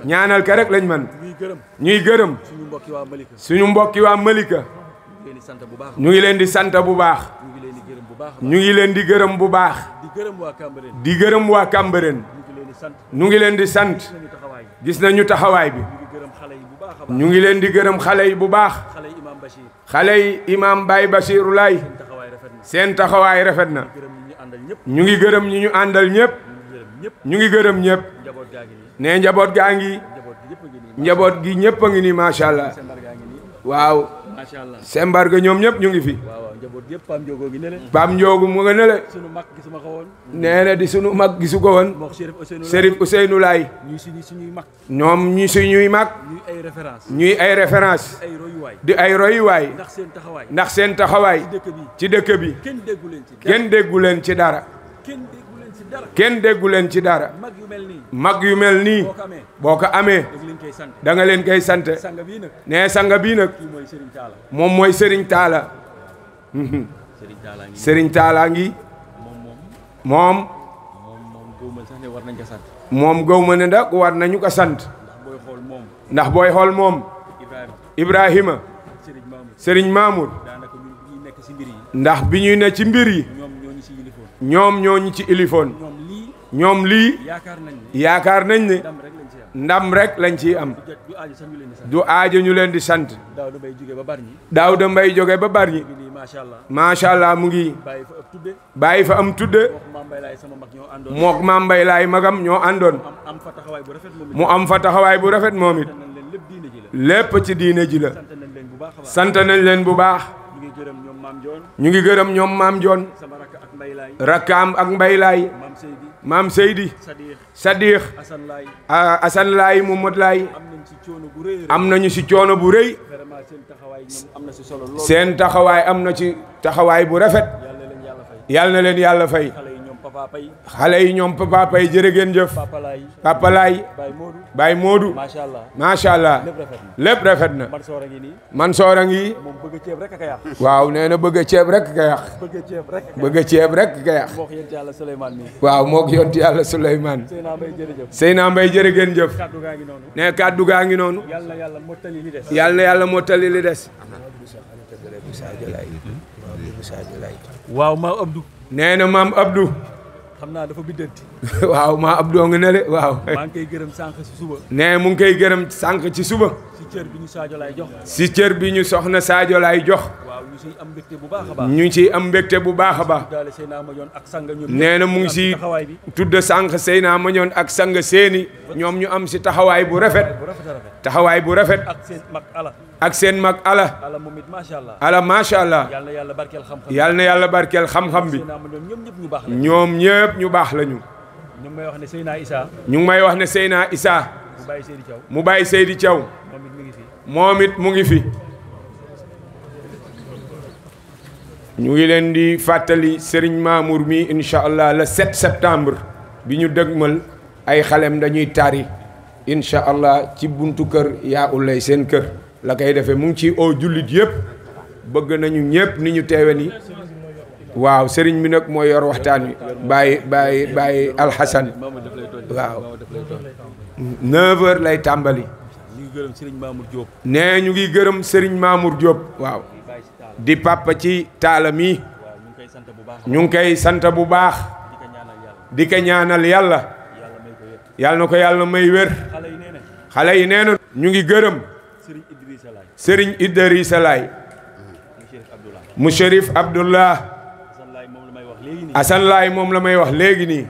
ñaanal ka rek lañ man ñuy gërëm suñu mbokki waa Malika ñu ngi leen di sant bu baax ñu ngi leen di gërëm bu baax di gërëm waa Cambérène ñu ngi leen di sant gis nañu taxawaay bi ñu ngi leen di gërëm xale yi bu baax. xale yi imaam Bachir. xale yi imaam Baye Bachirou Laye. seen taxawaay rafet na. ñu ngi gërëm ñi ñu àndal ñëpp. ñu ngi gërëm ñëpp. ne njaboot gaa ngi. njaboot gi ñëpp ngi ni macha allah. waaw. macha allah sembar ga ñoom ñëpp ñu ngi fi. waaw waaw njaboot yëpp Pam Ndiogo nga ne le. di sunu mag gisu ko woon. moog Chérif Ousseynou Laye Chérif ñuy mag. ñuy ay référence. ñuy ay di ay royuwaay. di ay royuwaay. ndax seen taxawaay. ndax seen taxawaay. ci dëkk bi bi. kenn déggu leen ci dara kenn déggu ci dara. kenn déggu leen ci dara mag yu mel nii boo ko amee da nga leen koy sant nee sanga bii nag moom mooy Serigne Talla mhm. Serigne Talla ngi moom moom gëw ma ne ndax war nañu ko sant ndax booy xool moom Ibrahima Serigne Mamour ndax bi ñuy ne ci mbir yi. ñoom ñoo ñu ci ilifoon ñoom lii yaakaar nañ ne ndam rek lañ ciy am du aajo ñu leen di sant daaw da mbay jóge ba Bargny macha allah mu ngi bàyyi fa am tudde mook maam mbay laay magam ñoo àndoon mu am fa taxawaay bu rafet moom it lépp ci diine ji la sant nañ leen bu baax ñu ngi gërëm ñoom maam Njoon rakkaam ak mbay laay maam Seydi Sadiq Asan laay Momad laay am nañu ci coono bu rëy seen taxawaay am na ci taxawaay bu rafet yàlla na leen yàlla fay xale yi ñoom papa pay jërë ngeen jëf papa laay baay moodu macha allah lépp rafet na man soora ngi waaw nee na bëgg ceeb rek ka yàq bëgg a ceeb rek ka yàq waaw moo ko yonti yàlla Souleymane Seyna Mbaye jërë ngeen jëf nee kàddu gaa ngi noonu yàlla na yàlla mottali li des waaw maam Abdou nee na maam Abdou xam naa dafa biddanti. waaw maa ab dong ne le waaw. maa gërëm sànq ci suba. nee mu ngi koy gërëm sànq ci suba. si cër bi ñu laay jox. si cër bi ñu soxna Sadio laay jox. waaw ñu ciy am mbégte bu baax a baax. ñu ciy am mbégte bu baax a baax. nee na mu ngi si tudd sànq Seyna Mañoon ak sang seeni ñoom ñu am si taxawaay bu rafet. taxawaay bu rafet. ak seen mag ala. ak seen mag ala. ala moom it macha allah. ala macha allah. yal na yàlla barkeel xam-xam bi yal na yàlla barkeel xam-xam bi. ñoom ñëpp ñu baax la ñoom ñëpp ñu baax la ñu. ñu ngi may wax ne Seyna Issa. ñu ngi may wax ne Seyna Issa. mu bàyyi Seydi Thiaw mu bàyyi Seydi Thiaw. moom it mu ngi fi. moom it mu ngi fi. ñu ngi leen di fàttali Serigne Mamour mi incha allah le 7 septembre bi ñu dëgmal ay xalem dañuy tari incha allah ci buntu kër yaa ulay seen kër. la koy defee mu ngi ci oo jullit yëpp bëgg nañu ñëpp ni ñu teewe nii waaw sëriñ bi nag mooy yor waxtaan wi bàyyi bàyyi bàyyi alxasan waaw neuf heures lay tàmbali nee ñu ngi gërëm sëriñ Mamour Diop waaw di papa ci taalam yi ñu ngi koy sant bu baax di ko ñaanal yàlla yàlla na ko yàlla may wér xale yi nee na ñu ngi gërëm Serigne Idrissa Laye mu Chérif Abdoullah Assane Laye moom la may wax léegi nii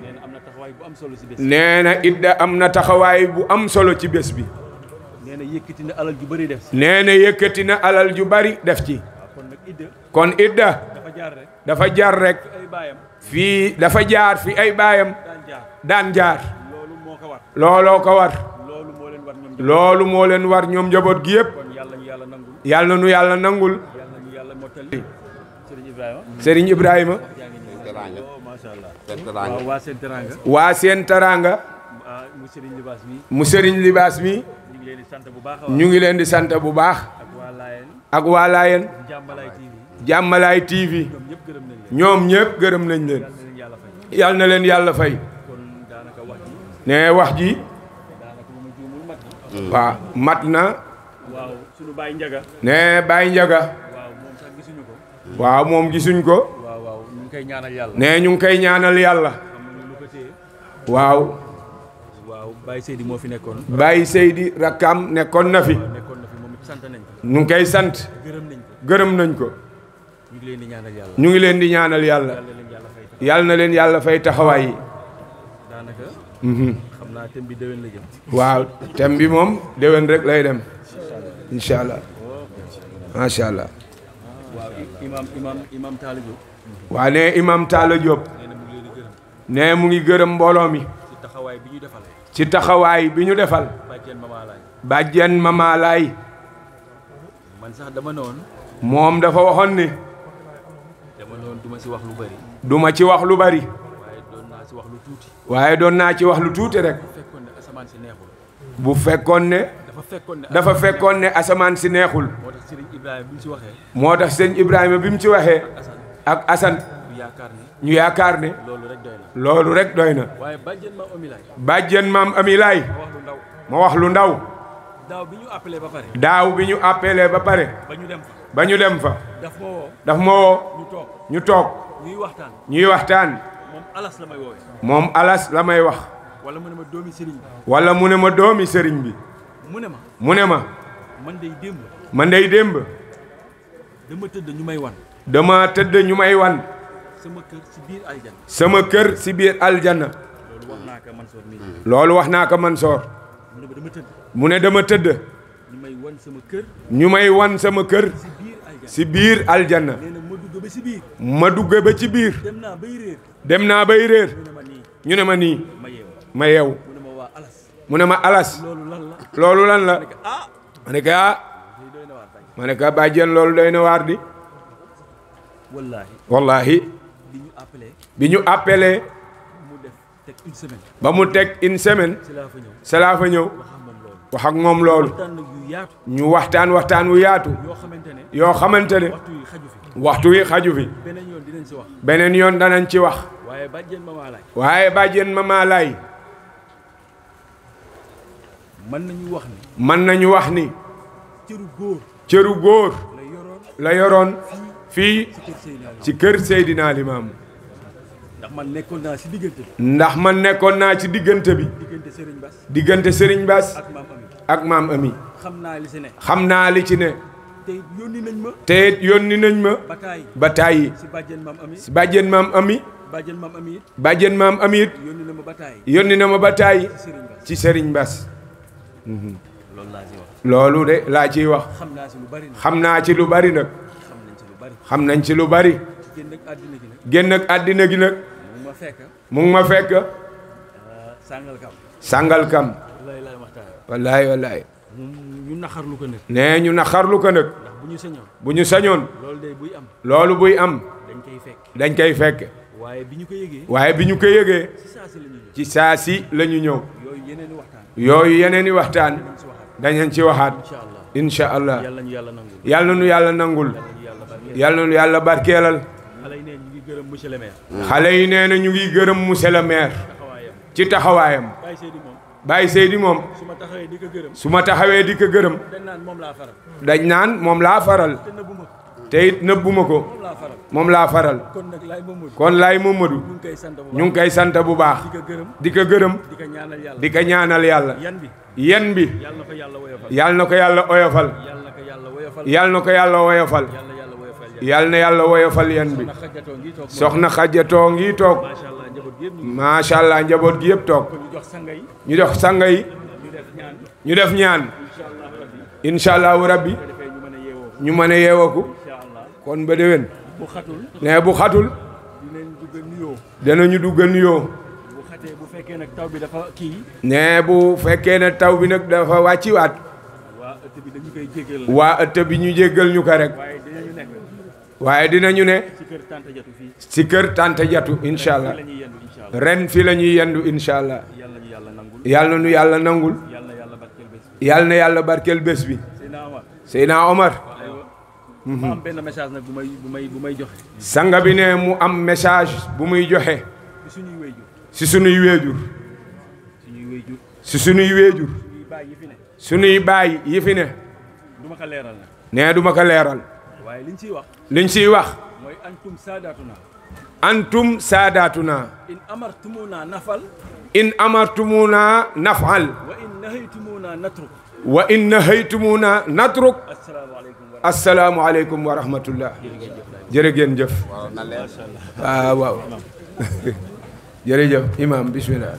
nee na Idda am na taxawaay bu am solo ci bés bi nee na yëkkati na alal ju bari def ci nee yëkkati na alal ju bari def ci kon Idda dafa jaar rek fii dafa jaar fi ay baayam daan jaar looloo ko war loolu moo leen war ñoom njaboot gi yëpp yàlla nu yàlla nangul. Serigne Ibrahima. Serigne Ibrahima. waa seen teraanga. waa seen teraanga. mu Serigne Libaas mi. mu Serigne Libaas mi. ñu ngi leen di sant bu baax. ñu ngi leen di sant bu baax. ak waa Laayeen. jàmmalaay TV. ñoom ñëpp gërëm nañ leen. yal na leen yàlla fay. ne wax ji. waaw mat na. sunu Baye Ndiaga. nee Baye Ndiaga. waaw moom gisuñu ko. gisuñ ko. waaw waaw yàlla. nee ñu ngi koy ñaanal yàlla. waaw. waaw Baye Seydi moo fi nekkoon. Baye Seydi rakkaam nekkoon na fi. nekkoon na moom sant nañ ko. ñu ngi koy sant. gërëm nañ ko gërëm nañ ko. ñu ngi leen di ñaanal yàlla. ñu ngi leen di ñaanal yàlla. yàlla na leen yàlla fay taxawaay yi. daanaka. Mhm. xam naa thème bi waaw thème moom déwén rek lay dem. incha allah macha allah. waaw imaam imaam imaam Talla Diop. waa mu ngi gërëm mbooloo mi. ci taxawaay bi ñu defal. ci taxawaay bi ñu defal. bàjjen mama laay. bàjjen man sax dama noon moom dafa waxoon ne. dama noon du ci wax lu bari. du ma ci wax lu bari. waaye doon naa ci wax lu tuuti. waaye doon naa ci wax lu tuuti rek. bu fekkoon si neexul. bu fekkoon ne. dafa fekkoon ne asamaan si neexul. moo tax sëñ Ibrahima bi mu si waxee. moo tax sëñ Ibrahima bi mu ci waxee. ak Assane. ñu yaakaar ne. loolu rek doy na. loolu rek doy na. waaye bàjjen maam Amilaay. bàjjen maam Amilaay. ma wax lu ndaw. daaw bi ñu appelé ba pare. daaw bi ñu appelé ba pare. ba ñu dem fa. ba fa. daf ma woo. daf ma ñu toog ñu toog. ñuy waxtaan. ñuy waxtaan. moom alas la may woowee. moom alas la may wax. wala mu ne ma doomi wala mu ne ma doomi sëriñ bi. mu ne ma mu ne ma man day démb man day démb dama tëdd ñu may wan dama tëdd ñu may wan sama kër si biir aljanna sama kër si biir aljanna loolu wax naa ko Mansoor mu ne dama tëdd ñu may wan sama kër ñu may wan sama kër si biir aljanna ma dugg ba ci biir naa dem naa bay réer ñu ne ma nii ma yeew mu ne ma alas loolu lan la ma ne ko ah ma ne ko ah, bàjjen loolu doy na waar di wallaahi bi ñu appelé ba mu teg une semaine c'est la fa ñëw wax ak moom loolu ñu waxtaan waxtaan wu yaatu yoo xamante ne waxtu wi xaju fi beneen yoon danañ ci wax waaye bàjjen ma maa laay mën nañu wax ni. mën nañu wax ni. cëru góor. cëru la yoroon fii ci kër Seydina Limaamu. ndax man nekkoon naa ci diggante bi. ndax man nekkoon naa ci diggante bi. diggante Serigne Bass. diggante Serigne ak maam Ami. ak maam Ami. xam naa li ne. xam naa li ci ne. te yónni nañ ma. te it yónni nañ ma. bataay bataay yi. ci bàjjen maam Ami. ci bàjjen maam Ami. bàjjen maam Ami bàjjen maam Ami it. yónni na ma bataay. yónni na ma bataay. ci Serigne Bass. Mhm. loolu laa ciy loolu de laa ciy wax. xam naa ci lu bari nag. xam naa ci lu bari nag. xam nañ ci lu bari. génn ak àddina gi nag. génn ak àddina gi nag. mu ngi ma fekk. mu ngi ma fekk. Euh, sàngal kam. sàngal kam. wallaay wallaay. ñu naxarlu ko nag. nee ñu naxarlu ko nag. bu ñu sañoon. bu ñu sañoon. loolu buy am. loolu buy am. dañ koy fekk. dañ koy fekk. waaye bi ñu ko yëgee. waaye bi ñu ko yëgee. ci saa si ñëw. ci saa si la ñu ñëw. yooyu yooyu yeneen i waxtaan dañeen ci waxaat incha allah yàlla nu yàlla nangul yàlla nu yàlla barkeelal xale yi nee na ñu ngi gërëm monsieur le maire ci taxawaayam bàyyi Seydi moom su ma taxawee di ko gërëm dañ naan moom laa faral te nëbbuma ko moom laa faral kon laay Mamadou ñu kay koy sant bu baax di ko gërëm di ko ñaanal yàlla yen bi yàlla na ko yàlla oyofal yàlla na ko yàlla woyofal yal na yàlla woyofal yen bi soxna xajatoo ngi toog macha allah njaboot gi yëpp toog ñu dox sanga yi ñu def ñaan incha allahu rabbi ñu mën a ko kon ba déwén. bu xatul ne bu xatul. dinañ dugg nuyoo. danañu dugg nuyoo. bu fekkee nag taw bi dafa kii. ne bu fekkee ne taw bi nag dafa wàcciwaat. waa ëtt bi dañu koy jégal. waa ëtt bi ñu jégal ñu ko rek. waaye dinañu nekk. ne. si kër tante jatu fii. si kër tante jatu incha allah. ren fii la ñuy yendu incha allah. yàlla ñu yàlla nangul. yàlla yàlla nangul. yàlla na yàlla barkeel bés bi. yàlla na yàlla barkeel bés bi. Omar. ma am benn nag bu may bu may bu may joxe. sanga bi ne mu am message bu muy joxe. si suñuy wéyjur. si suñuy wéyjur. suñuy wéyjur. si suñuy wéyjur. suñuy baay baay yi fi ne. du ma nee du ma ko leeral. waaye liñ ciy wax. liñ ciy wax. mooy antum saadaatuna. antum saadaatuna. in amartumuna nafal. in amartumuna nafal. wa in nahaytumuna natruk. wa in nahaytumuna natruk. asalaamualeykum wa rahmatullah jërë ngeen jëf ah, waaw waaw jërëjëf imam bismillah